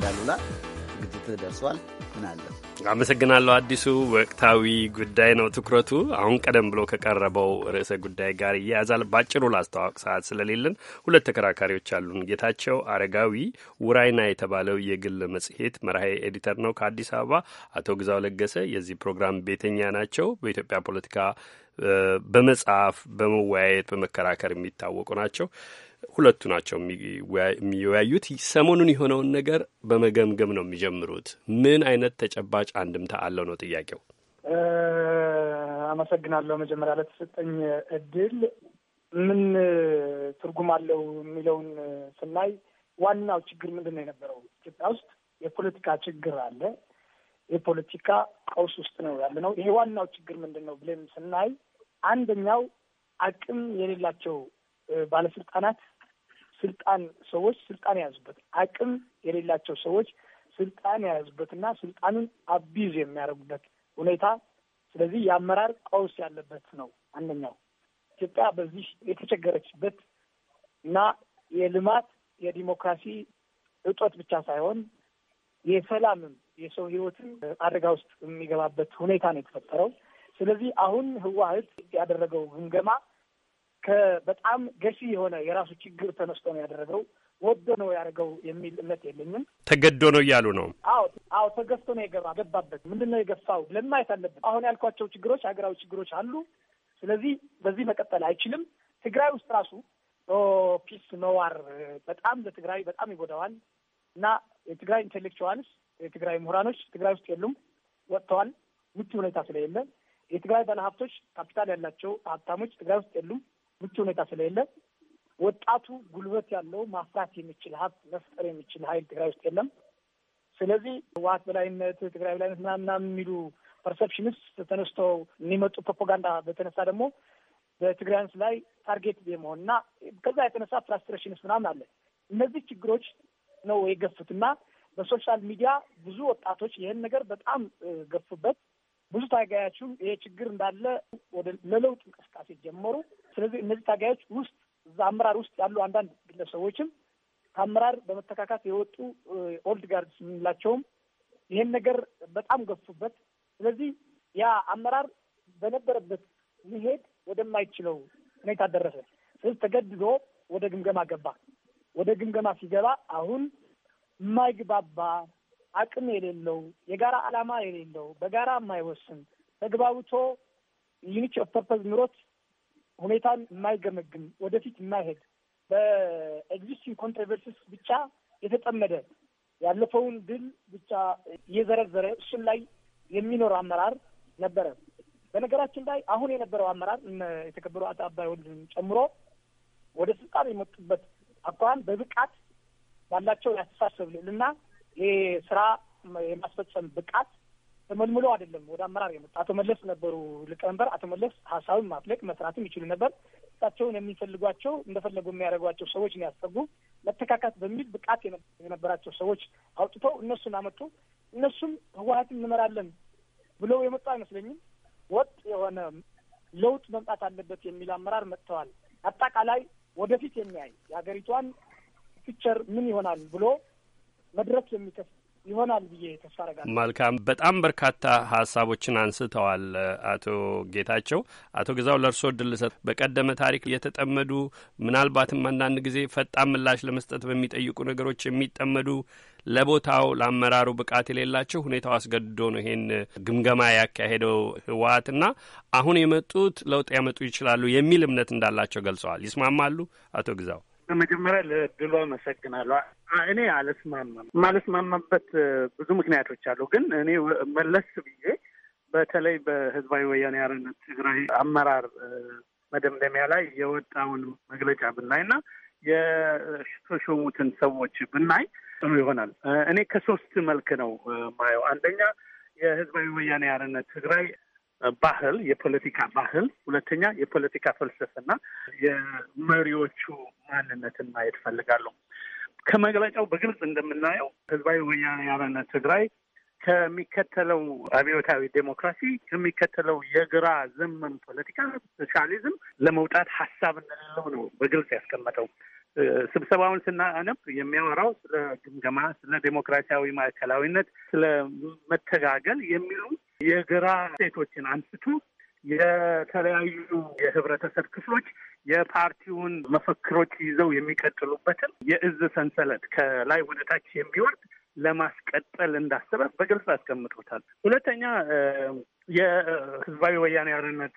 ሻሉላ ዝግጅት ደርሷል። ምን አለ? አመሰግናለሁ አዲሱ። ወቅታዊ ጉዳይ ነው ትኩረቱ። አሁን ቀደም ብሎ ከቀረበው ርዕሰ ጉዳይ ጋር እያያዛል። ባጭሩ ላስተዋወቅ ሰዓት ስለሌለን ሁለት ተከራካሪዎች አሉን። ጌታቸው አረጋዊ ውራይና የተባለው የግል መጽሔት መርሃ ኤዲተር ነው ከአዲስ አበባ። አቶ ግዛው ለገሰ የዚህ ፕሮግራም ቤተኛ ናቸው። በኢትዮጵያ ፖለቲካ በመጽሐፍ በመወያየት በመከራከር የሚታወቁ ናቸው። ሁለቱ ናቸው የሚወያዩት። ሰሞኑን የሆነውን ነገር በመገምገም ነው የሚጀምሩት። ምን አይነት ተጨባጭ አንድምታ አለው ነው ጥያቄው። አመሰግናለሁ። መጀመሪያ ለተሰጠኝ እድል ምን ትርጉም አለው የሚለውን ስናይ ዋናው ችግር ምንድን ነው የነበረው? ኢትዮጵያ ውስጥ የፖለቲካ ችግር አለ። የፖለቲካ ቀውስ ውስጥ ነው ያለ ነው። ይሄ ዋናው ችግር ምንድን ነው ብለን ስናይ አንደኛው አቅም የሌላቸው ባለስልጣናት ስልጣን ሰዎች ስልጣን የያዙበት አቅም የሌላቸው ሰዎች ስልጣን የያዙበትና ስልጣኑን አቢዝ የሚያደርጉበት ሁኔታ፣ ስለዚህ የአመራር ቀውስ ያለበት ነው አንደኛው። ኢትዮጵያ በዚህ የተቸገረችበት እና የልማት የዲሞክራሲ እጦት ብቻ ሳይሆን የሰላምም የሰው ህይወትን አደጋ ውስጥ የሚገባበት ሁኔታ ነው የተፈጠረው። ስለዚህ አሁን ህወሀት ያደረገው ግምገማ ከበጣም ገፊ የሆነ የራሱ ችግር ተነስቶ ነው ያደረገው። ወዶ ነው ያደረገው የሚል እምነት የለኝም። ተገዶ ነው እያሉ ነው። አዎ አዎ፣ ተገፍቶ ነው የገባ ገባበት። ምንድን ነው የገፋው ለማየት አለብን። አሁን ያልኳቸው ችግሮች ሀገራዊ ችግሮች አሉ። ስለዚህ በዚህ መቀጠል አይችልም። ትግራይ ውስጥ ራሱ ፒስ መዋር በጣም ለትግራይ በጣም ይጎዳዋል እና የትግራይ ኢንቴሌክቹዋልስ የትግራይ ምሁራኖች ትግራይ ውስጥ የሉም፣ ወጥተዋል። ምቹ ሁኔታ ስለሌለ የትግራይ ባለሀብቶች፣ ካፒታል ያላቸው ሀብታሞች ትግራይ ውስጥ የሉም፣ ምቹ ሁኔታ ስለሌለ ወጣቱ ጉልበት ያለው ማፍራት የሚችል ሀብት መፍጠር የሚችል ሀይል ትግራይ ውስጥ የለም። ስለዚህ ህወሀት በላይነት ትግራይ በላይነት ምናምናም የሚሉ ፐርሰፕሽንስ ተነስቶ የሚመጡ ፕሮፓጋንዳ በተነሳ ደግሞ በትግራይንስ ላይ ታርጌት የመሆንና ከዛ የተነሳ ፍራስትሬሽንስ ምናምን አለ። እነዚህ ችግሮች ነው የገፉትና በሶሻል ሚዲያ ብዙ ወጣቶች ይህን ነገር በጣም ገፉበት። ብዙ ታጋዮችም ይሄ ችግር እንዳለ ወደ ለለውጥ እንቅስቃሴ ጀመሩ። ስለዚህ እነዚህ ታጋዮች ውስጥ እዛ አመራር ውስጥ ያሉ አንዳንድ ግለሰቦችም ከአመራር በመተካካት የወጡ ኦልድ ጋርድስ የምንላቸውም ይህን ነገር በጣም ገፉበት። ስለዚህ ያ አመራር በነበረበት መሄድ ወደማይችለው ሁኔታ ደረሰ። ስለዚህ ተገድዶ ወደ ግምገማ ገባ። ወደ ግምገማ ሲገባ አሁን የማይግባባ አቅም የሌለው የጋራ ዓላማ የሌለው በጋራ የማይወስን ተግባብቶ ዩኒቲ ኦፍ ፐርፐዝ ኑሮት ሁኔታን የማይገመግም ወደፊት የማይሄድ በኤግዚስቲንግ ኮንትሮቨርሲስ ብቻ የተጠመደ ያለፈውን ድል ብቻ እየዘረዘረ እሱን ላይ የሚኖር አመራር ነበረ። በነገራችን ላይ አሁን የነበረው አመራር የተከበሩ አቶ አባይ ወልድን ጨምሮ ወደ ስልጣን የመጡበት አኳኋን በብቃት ያላቸው ያስተሳሰብ ልዕልና ይህ ስራ የማስፈጸም ብቃት ተመልምሎ አይደለም ወደ አመራር የመጣ አቶ መለስ ነበሩ ሊቀመንበር። አቶ መለስ ሀሳብን ማፍለቅ መስራትም ይችሉ ነበር። እሳቸውን የሚፈልጓቸው እንደፈለጉ የሚያደርጓቸው ሰዎች ነው ያስጠጉ መተካካት በሚል ብቃት የነበራቸው ሰዎች አውጥተው እነሱን አመጡ። እነሱም ህወሀትን እንመራለን ብለው የመጡ አይመስለኝም። ወጥ የሆነ ለውጥ መምጣት አለበት የሚል አመራር መጥተዋል። አጠቃላይ ወደፊት የሚያይ የሀገሪቷን ፒክቸር ምን ይሆናል ብሎ መድረክ የሚከፍ ይሆናል ብዬ ተስፋ አደርጋለሁ። መልካም። በጣም በርካታ ሀሳቦችን አንስተዋል አቶ ጌታቸው። አቶ ግዛው ለእርሶ እድል ልሰጥ። በቀደመ ታሪክ የተጠመዱ ምናልባትም አንዳንድ ጊዜ ፈጣን ምላሽ ለመስጠት በሚጠይቁ ነገሮች የሚጠመዱ ለቦታው ለአመራሩ ብቃት የሌላቸው ሁኔታው አስገድዶ ነው ይሄን ግምገማ ያካሄደው ህወሓትና አሁን የመጡት ለውጥ ያመጡ ይችላሉ የሚል እምነት እንዳላቸው ገልጸዋል። ይስማማሉ አቶ ግዛው? በመጀመሪያ ለድሉ አመሰግናለሁ። እኔ አልስማማም። የማልስማማበት ብዙ ምክንያቶች አሉ። ግን እኔ መለስ ብዬ በተለይ በህዝባዊ ወያኔ ሓርነት ትግራይ አመራር መደምደሚያ ላይ የወጣውን መግለጫ ብናይ እና የተሾሙትን ሰዎች ብናይ ጥሩ ይሆናል። እኔ ከሶስት መልክ ነው ማየው። አንደኛ የህዝባዊ ወያኔ ሓርነት ትግራይ ባህል፣ የፖለቲካ ባህል፣ ሁለተኛ የፖለቲካ ፍልስፍና፣ የመሪዎቹ ማንነትን ማየት ፈልጋሉ። ከመግለጫው በግልጽ እንደምናየው ህዝባዊ ወያነ ሓርነት ትግራይ ከሚከተለው አብዮታዊ ዴሞክራሲ ከሚከተለው የግራ ዘመን ፖለቲካ ሶሻሊዝም ለመውጣት ሀሳብ እንደሌለው ነው በግልጽ ያስቀመጠው። ስብሰባውን ስናነብ የሚያወራው ስለ ግምገማ፣ ስለ ዴሞክራሲያዊ ማዕከላዊነት፣ ስለ መተጋገል የሚሉ የግራ ሴቶችን አንስቶ የተለያዩ የህብረተሰብ ክፍሎች የፓርቲውን መፈክሮች ይዘው የሚቀጥሉበትን የእዝ ሰንሰለት ከላይ ወደ ታች የሚወርድ ለማስቀጠል እንዳሰበ በግልጽ አስቀምጦታል። ሁለተኛ የህዝባዊ ወያኔ ሓርነት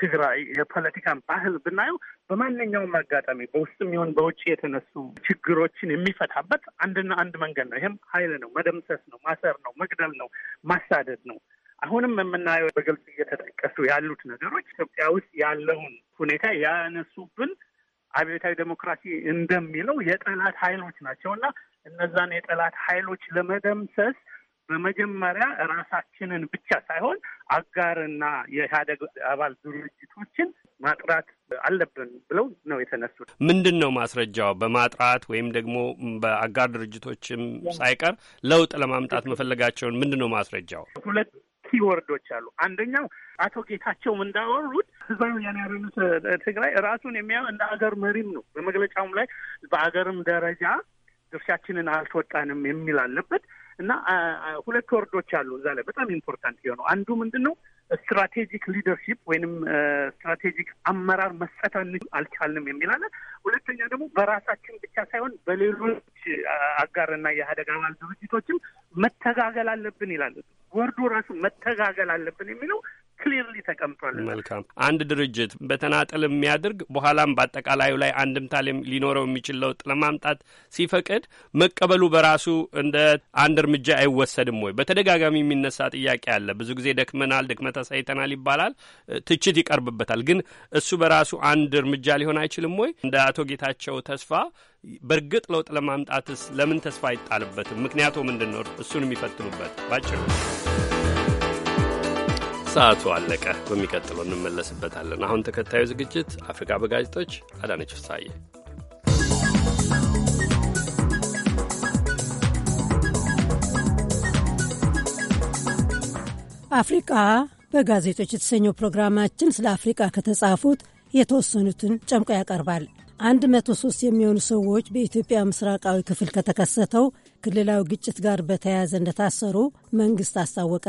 ትግራይ የፖለቲካን ባህል ብናየው በማንኛውም አጋጣሚ በውስጥም ይሁን በውጭ የተነሱ ችግሮችን የሚፈታበት አንድና አንድ መንገድ ነው። ይህም ኃይል ነው፣ መደምሰስ ነው፣ ማሰር ነው፣ መግደል ነው፣ ማሳደድ ነው። አሁንም የምናየው በግልጽ እየተጠቀሱ ያሉት ነገሮች ኢትዮጵያ ውስጥ ያለውን ሁኔታ ያነሱብን አብዮታዊ ዴሞክራሲ እንደሚለው የጠላት ኃይሎች ናቸው እና እነዛን የጠላት ኃይሎች ለመደምሰስ በመጀመሪያ ራሳችንን ብቻ ሳይሆን አጋርና የኢህአዴግ አባል ድርጅቶችን ማጥራት አለብን ብለው ነው የተነሱት። ምንድን ነው ማስረጃው? በማጥራት ወይም ደግሞ በአጋር ድርጅቶችም ሳይቀር ለውጥ ለማምጣት መፈለጋቸውን ምንድን ነው ማስረጃው? ሁለት ኪወርዶች አሉ። አንደኛው አቶ ጌታቸውም እንዳወሩት ህዝባዊ ወያነ ሓርነት ትግራይ ራሱን የሚያየው እንደ አገር መሪም ነው። በመግለጫውም ላይ በአገርም ደረጃ ድርሻችንን አልተወጣንም የሚል አለበት። እና ሁለት ወርዶች አሉ እዛ ላይ በጣም ኢምፖርታንት የሆነው አንዱ ምንድን ነው ስትራቴጂክ ሊደርሺፕ ወይንም ስትራቴጂክ አመራር መስጠት አልቻልንም የሚል አለ። ሁለተኛ ደግሞ በራሳችን ብቻ ሳይሆን በሌሎች አጋርና የአደጋ አባል ድርጅቶችም መተጋገል አለብን ይላል። ወርዱ ራሱ መተጋገል አለብን የሚለው ክሊርሊ ተቀምጧል። መልካም አንድ ድርጅት በተናጠል የሚያደርግ በኋላም በአጠቃላዩ ላይ አንድምታ ሊኖረው የሚችል ለውጥ ለማምጣት ሲፈቅድ መቀበሉ በራሱ እንደ አንድ እርምጃ አይወሰድም ወይ? በተደጋጋሚ የሚነሳ ጥያቄ አለ። ብዙ ጊዜ ደክመናል፣ ድክመት አሳይተናል ይባላል፣ ትችት ይቀርብበታል። ግን እሱ በራሱ አንድ እርምጃ ሊሆን አይችልም ወይ? እንደ አቶ ጌታቸው ተስፋ በእርግጥ ለውጥ ለማምጣትስ ለምን ተስፋ አይጣልበትም? ምክንያቱ ምንድን ነው? እሱን የሚፈትኑበት ባጭሩ ሰዓቱ አለቀ። በሚቀጥለው እንመለስበታለን። አሁን ተከታዩ ዝግጅት አፍሪካ በጋዜጦች አዳነች ፍሳዬ። አፍሪቃ በጋዜጦች የተሰኘው ፕሮግራማችን ስለ አፍሪቃ ከተጻፉት የተወሰኑትን ጨምቆ ያቀርባል። 103 የሚሆኑ ሰዎች በኢትዮጵያ ምስራቃዊ ክፍል ከተከሰተው ክልላዊ ግጭት ጋር በተያያዘ እንደታሰሩ መንግስት አስታወቀ።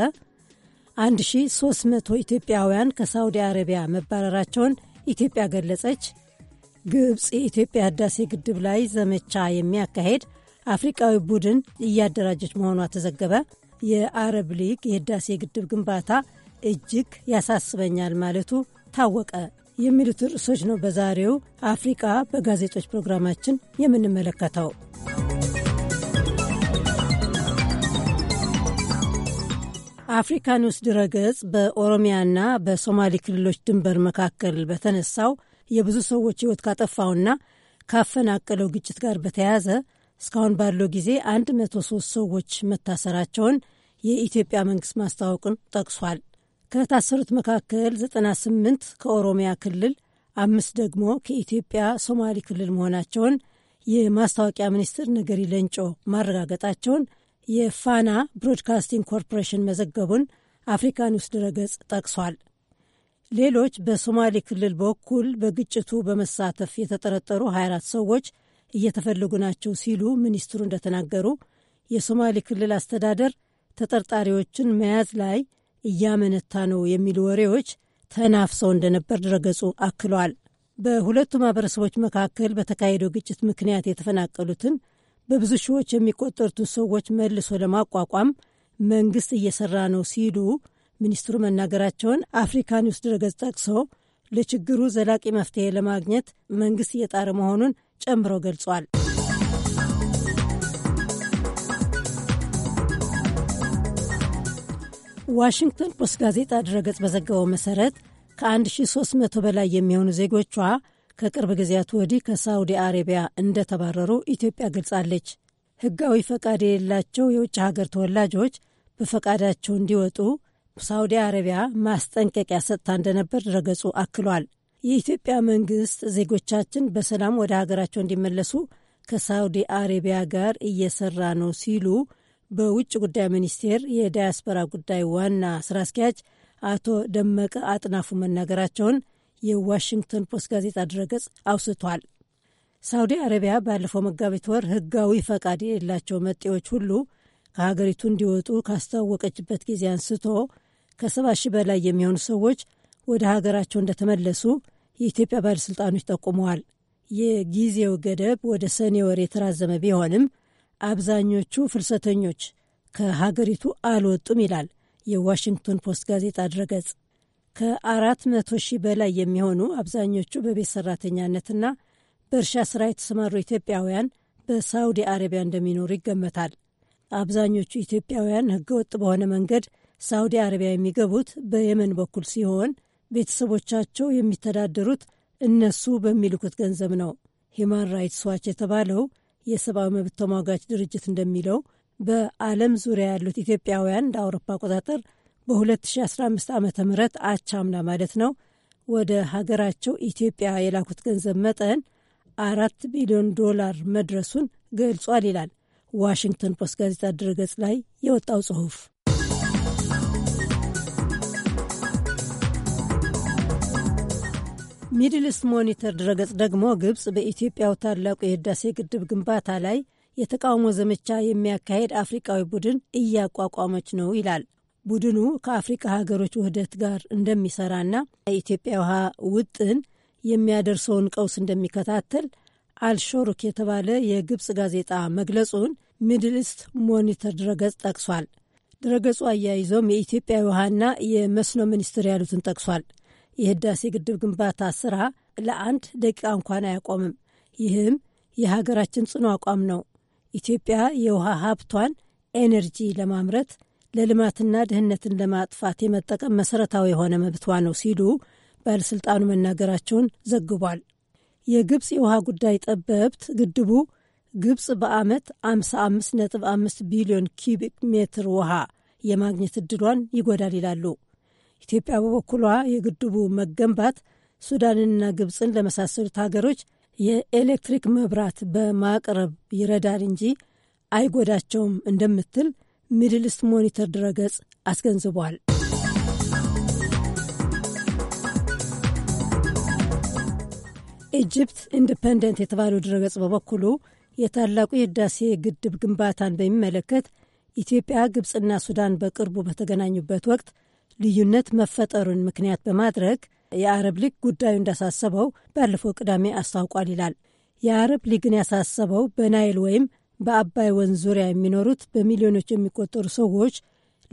1300 ኢትዮጵያውያን ከሳውዲ አረቢያ መባረራቸውን ኢትዮጵያ ገለጸች። ግብፅ የኢትዮጵያ ህዳሴ ግድብ ላይ ዘመቻ የሚያካሄድ አፍሪቃዊ ቡድን እያደራጀች መሆኗ ተዘገበ። የአረብ ሊግ የህዳሴ ግድብ ግንባታ እጅግ ያሳስበኛል ማለቱ ታወቀ። የሚሉት ርዕሶች ነው በዛሬው አፍሪቃ በጋዜጦች ፕሮግራማችን የምንመለከተው። አፍሪካ ኒውስ ድረገጽ በኦሮሚያና በሶማሌ ክልሎች ድንበር መካከል በተነሳው የብዙ ሰዎች ሕይወት ካጠፋውና ካፈናቀለው ግጭት ጋር በተያያዘ እስካሁን ባለው ጊዜ 103 ሰዎች መታሰራቸውን የኢትዮጵያ መንግሥት ማስታወቁን ጠቅሷል። ከታሰሩት መካከል 98 ከኦሮሚያ ክልል፣ አምስት ደግሞ ከኢትዮጵያ ሶማሌ ክልል መሆናቸውን የማስታወቂያ ሚኒስትር ነገሪ ለንጮ ማረጋገጣቸውን የፋና ብሮድካስቲንግ ኮርፖሬሽን መዘገቡን አፍሪካ ኒውስ ድረገጽ ጠቅሷል። ሌሎች በሶማሌ ክልል በኩል በግጭቱ በመሳተፍ የተጠረጠሩ 24 ሰዎች እየተፈለጉ ናቸው ሲሉ ሚኒስትሩ እንደተናገሩ የሶማሌ ክልል አስተዳደር ተጠርጣሪዎችን መያዝ ላይ እያመነታ ነው የሚሉ ወሬዎች ተናፍሰው እንደነበር ድረገጹ አክሏል። በሁለቱ ማህበረሰቦች መካከል በተካሄደው ግጭት ምክንያት የተፈናቀሉትን በብዙ ሺዎች የሚቆጠሩትን ሰዎች መልሶ ለማቋቋም መንግስት እየሰራ ነው ሲሉ ሚኒስትሩ መናገራቸውን አፍሪካ ኒውስ ድረገጽ ጠቅሶ ለችግሩ ዘላቂ መፍትሄ ለማግኘት መንግስት እየጣረ መሆኑን ጨምሮ ገልጿል። ዋሽንግተን ፖስት ጋዜጣ ድረገጽ በዘገበው መሰረት ከ1300 በላይ የሚሆኑ ዜጎቿ ከቅርብ ጊዜያት ወዲህ ከሳውዲ አረቢያ እንደተባረሩ ኢትዮጵያ ገልጻለች። ሕጋዊ ፈቃድ የሌላቸው የውጭ ሀገር ተወላጆች በፈቃዳቸው እንዲወጡ ሳውዲ አረቢያ ማስጠንቀቂያ ሰጥታ እንደነበር ድረገጹ አክሏል። የኢትዮጵያ መንግስት ዜጎቻችን በሰላም ወደ ሀገራቸው እንዲመለሱ ከሳውዲ አረቢያ ጋር እየሰራ ነው ሲሉ በውጭ ጉዳይ ሚኒስቴር የዳያስፖራ ጉዳይ ዋና ስራ አስኪያጅ አቶ ደመቀ አጥናፉ መናገራቸውን የዋሽንግተን ፖስት ጋዜጣ ድረገጽ አውስቷል። ሳውዲ አረቢያ ባለፈው መጋቢት ወር ህጋዊ ፈቃድ የሌላቸው መጤዎች ሁሉ ከሀገሪቱ እንዲወጡ ካስታወቀችበት ጊዜ አንስቶ ከሰባ ሺህ በላይ የሚሆኑ ሰዎች ወደ ሀገራቸው እንደተመለሱ የኢትዮጵያ ባለሥልጣኖች ጠቁመዋል። የጊዜው ገደብ ወደ ሰኔ ወር የተራዘመ ቢሆንም አብዛኞቹ ፍልሰተኞች ከሀገሪቱ አልወጡም ይላል የዋሽንግቶን ፖስት ጋዜጣ ድረገጽ። ከአራት መቶ ሺህ በላይ የሚሆኑ አብዛኞቹ በቤት ሰራተኛነትና በእርሻ ስራ የተሰማሩ ኢትዮጵያውያን በሳውዲ አረቢያ እንደሚኖሩ ይገመታል። አብዛኞቹ ኢትዮጵያውያን ህገወጥ በሆነ መንገድ ሳውዲ አረቢያ የሚገቡት በየመን በኩል ሲሆን ቤተሰቦቻቸው የሚተዳደሩት እነሱ በሚልኩት ገንዘብ ነው። ሂማን ራይትስ ዋች የተባለው የሰብአዊ መብት ተሟጋች ድርጅት እንደሚለው በዓለም ዙሪያ ያሉት ኢትዮጵያውያን እንደ አውሮፓ አቆጣጠር በ2015 ዓ ም አቻምና ማለት ነው ወደ ሀገራቸው ኢትዮጵያ የላኩት ገንዘብ መጠን አራት ቢሊዮን ዶላር መድረሱን ገልጿል ይላል ዋሽንግተን ፖስት ጋዜጣ ድረገጽ ላይ የወጣው ጽሑፍ። ሚድልስት ሞኒተር ድረገጽ ደግሞ ግብጽ በኢትዮጵያው ታላቁ የህዳሴ ግድብ ግንባታ ላይ የተቃውሞ ዘመቻ የሚያካሄድ አፍሪቃዊ ቡድን እያቋቋመች ነው ይላል። ቡድኑ ከአፍሪቃ ሀገሮች ውህደት ጋር እንደሚሰራና የኢትዮጵያ ውሃ ውጥን የሚያደርሰውን ቀውስ እንደሚከታተል አልሾሩክ የተባለ የግብጽ ጋዜጣ መግለጹን ሚድልስት ሞኒተር ድረገጽ ጠቅሷል። ድረገጹ አያይዞም የኢትዮጵያ ውሃና የመስኖ ሚኒስትር ያሉትን ጠቅሷል። የህዳሴ ግድብ ግንባታ ስራ ለአንድ ደቂቃ እንኳን አያቆምም። ይህም የሀገራችን ጽኑ አቋም ነው። ኢትዮጵያ የውሃ ሀብቷን ኤነርጂ ለማምረት ለልማትና ድህነትን ለማጥፋት የመጠቀም መሰረታዊ የሆነ መብቷ ነው ሲሉ ባለሥልጣኑ መናገራቸውን ዘግቧል። የግብፅ የውሃ ጉዳይ ጠበብት ግድቡ ግብፅ በዓመት 55.5 ቢሊዮን ኪቢክ ሜትር ውሃ የማግኘት እድሏን ይጎዳል ይላሉ። ኢትዮጵያ በበኩሏ የግድቡ መገንባት ሱዳንንና ግብፅን ለመሳሰሉት ሀገሮች የኤሌክትሪክ መብራት በማቅረብ ይረዳል እንጂ አይጎዳቸውም እንደምትል ሚድልስት ሞኒተር ድረገጽ አስገንዝቧል። ኢጅፕት ኢንዲፐንደንት የተባለው ድረገጽ በበኩሉ የታላቁ የህዳሴ ግድብ ግንባታን በሚመለከት ኢትዮጵያ፣ ግብፅና ሱዳን በቅርቡ በተገናኙበት ወቅት ልዩነት መፈጠሩን ምክንያት በማድረግ የአረብ ሊግ ጉዳዩ እንዳሳሰበው ባለፈው ቅዳሜ አስታውቋል ይላል። የአረብ ሊግን ያሳሰበው በናይል ወይም በአባይ ወንዝ ዙሪያ የሚኖሩት በሚሊዮኖች የሚቆጠሩ ሰዎች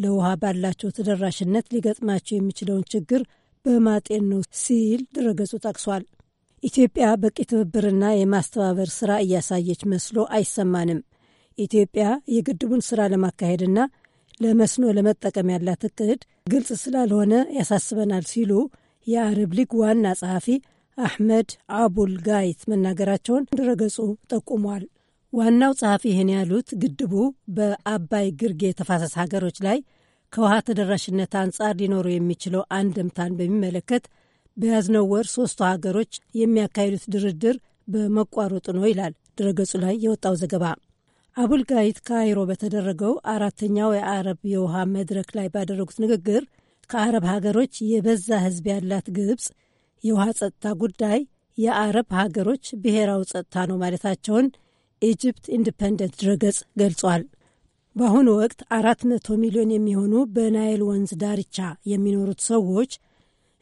ለውሃ ባላቸው ተደራሽነት ሊገጥማቸው የሚችለውን ችግር በማጤን ነው ሲል ድረገጹ ጠቅሷል። ኢትዮጵያ በቂ ትብብርና የማስተባበር ስራ እያሳየች መስሎ አይሰማንም። ኢትዮጵያ የግድቡን ስራ ለማካሄድና ለመስኖ ለመጠቀም ያላት እቅድ ግልጽ ስላልሆነ ያሳስበናል ሲሉ የአረብ ሊግ ዋና ጸሐፊ አሕመድ አቡል ጋይት መናገራቸውን ድረገጹ ጠቁሟል። ዋናው ጸሐፊ ይህን ያሉት ግድቡ በአባይ ግርጌ የተፋሰስ ሀገሮች ላይ ከውሃ ተደራሽነት አንጻር ሊኖረው የሚችለው አንድምታን በሚመለከት በያዝነው ወር ሶስቱ ሀገሮች የሚያካሂዱት ድርድር በመቋረጡ ነው ይላል ድረገጹ ላይ የወጣው ዘገባ። አቡልጋይት ካይሮ በተደረገው አራተኛው የአረብ የውሃ መድረክ ላይ ባደረጉት ንግግር ከአረብ ሀገሮች የበዛ ሕዝብ ያላት ግብፅ የውሃ ጸጥታ ጉዳይ የአረብ ሀገሮች ብሔራዊ ጸጥታ ነው ማለታቸውን ኢጅፕት ኢንዲፐንደንት ድረገጽ ገልጿል። በአሁኑ ወቅት አራት መቶ ሚሊዮን የሚሆኑ በናይል ወንዝ ዳርቻ የሚኖሩት ሰዎች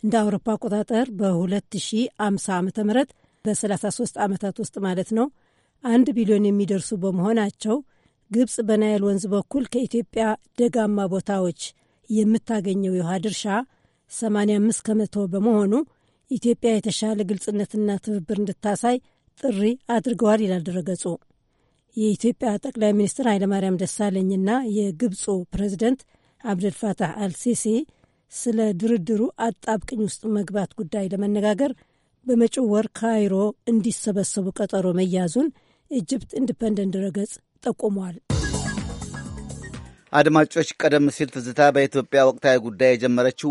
እንደ አውሮፓ አቆጣጠር በ2050 ዓ ም በ33 ዓመታት ውስጥ ማለት ነው አንድ ቢሊዮን የሚደርሱ በመሆናቸው ግብፅ በናይል ወንዝ በኩል ከኢትዮጵያ ደጋማ ቦታዎች የምታገኘው የውሃ ድርሻ 85 ከመቶ በመሆኑ ኢትዮጵያ የተሻለ ግልጽነትና ትብብር እንድታሳይ ጥሪ አድርገዋል ይላል ድረገጹ። የኢትዮጵያ ጠቅላይ ሚኒስትር ኃይለማርያም ደሳለኝና የግብፁ ፕሬዚደንት አብደልፋታህ አልሲሲ ስለ ድርድሩ አጣብቅኝ ውስጥ መግባት ጉዳይ ለመነጋገር በመጪው ወር ካይሮ እንዲሰበሰቡ ቀጠሮ መያዙን ኢጅፕት ኢንዲፐንደንት ድረገጽ ጠቁሟል። አድማጮች፣ ቀደም ሲል ትዝታ በኢትዮጵያ ወቅታዊ ጉዳይ የጀመረችው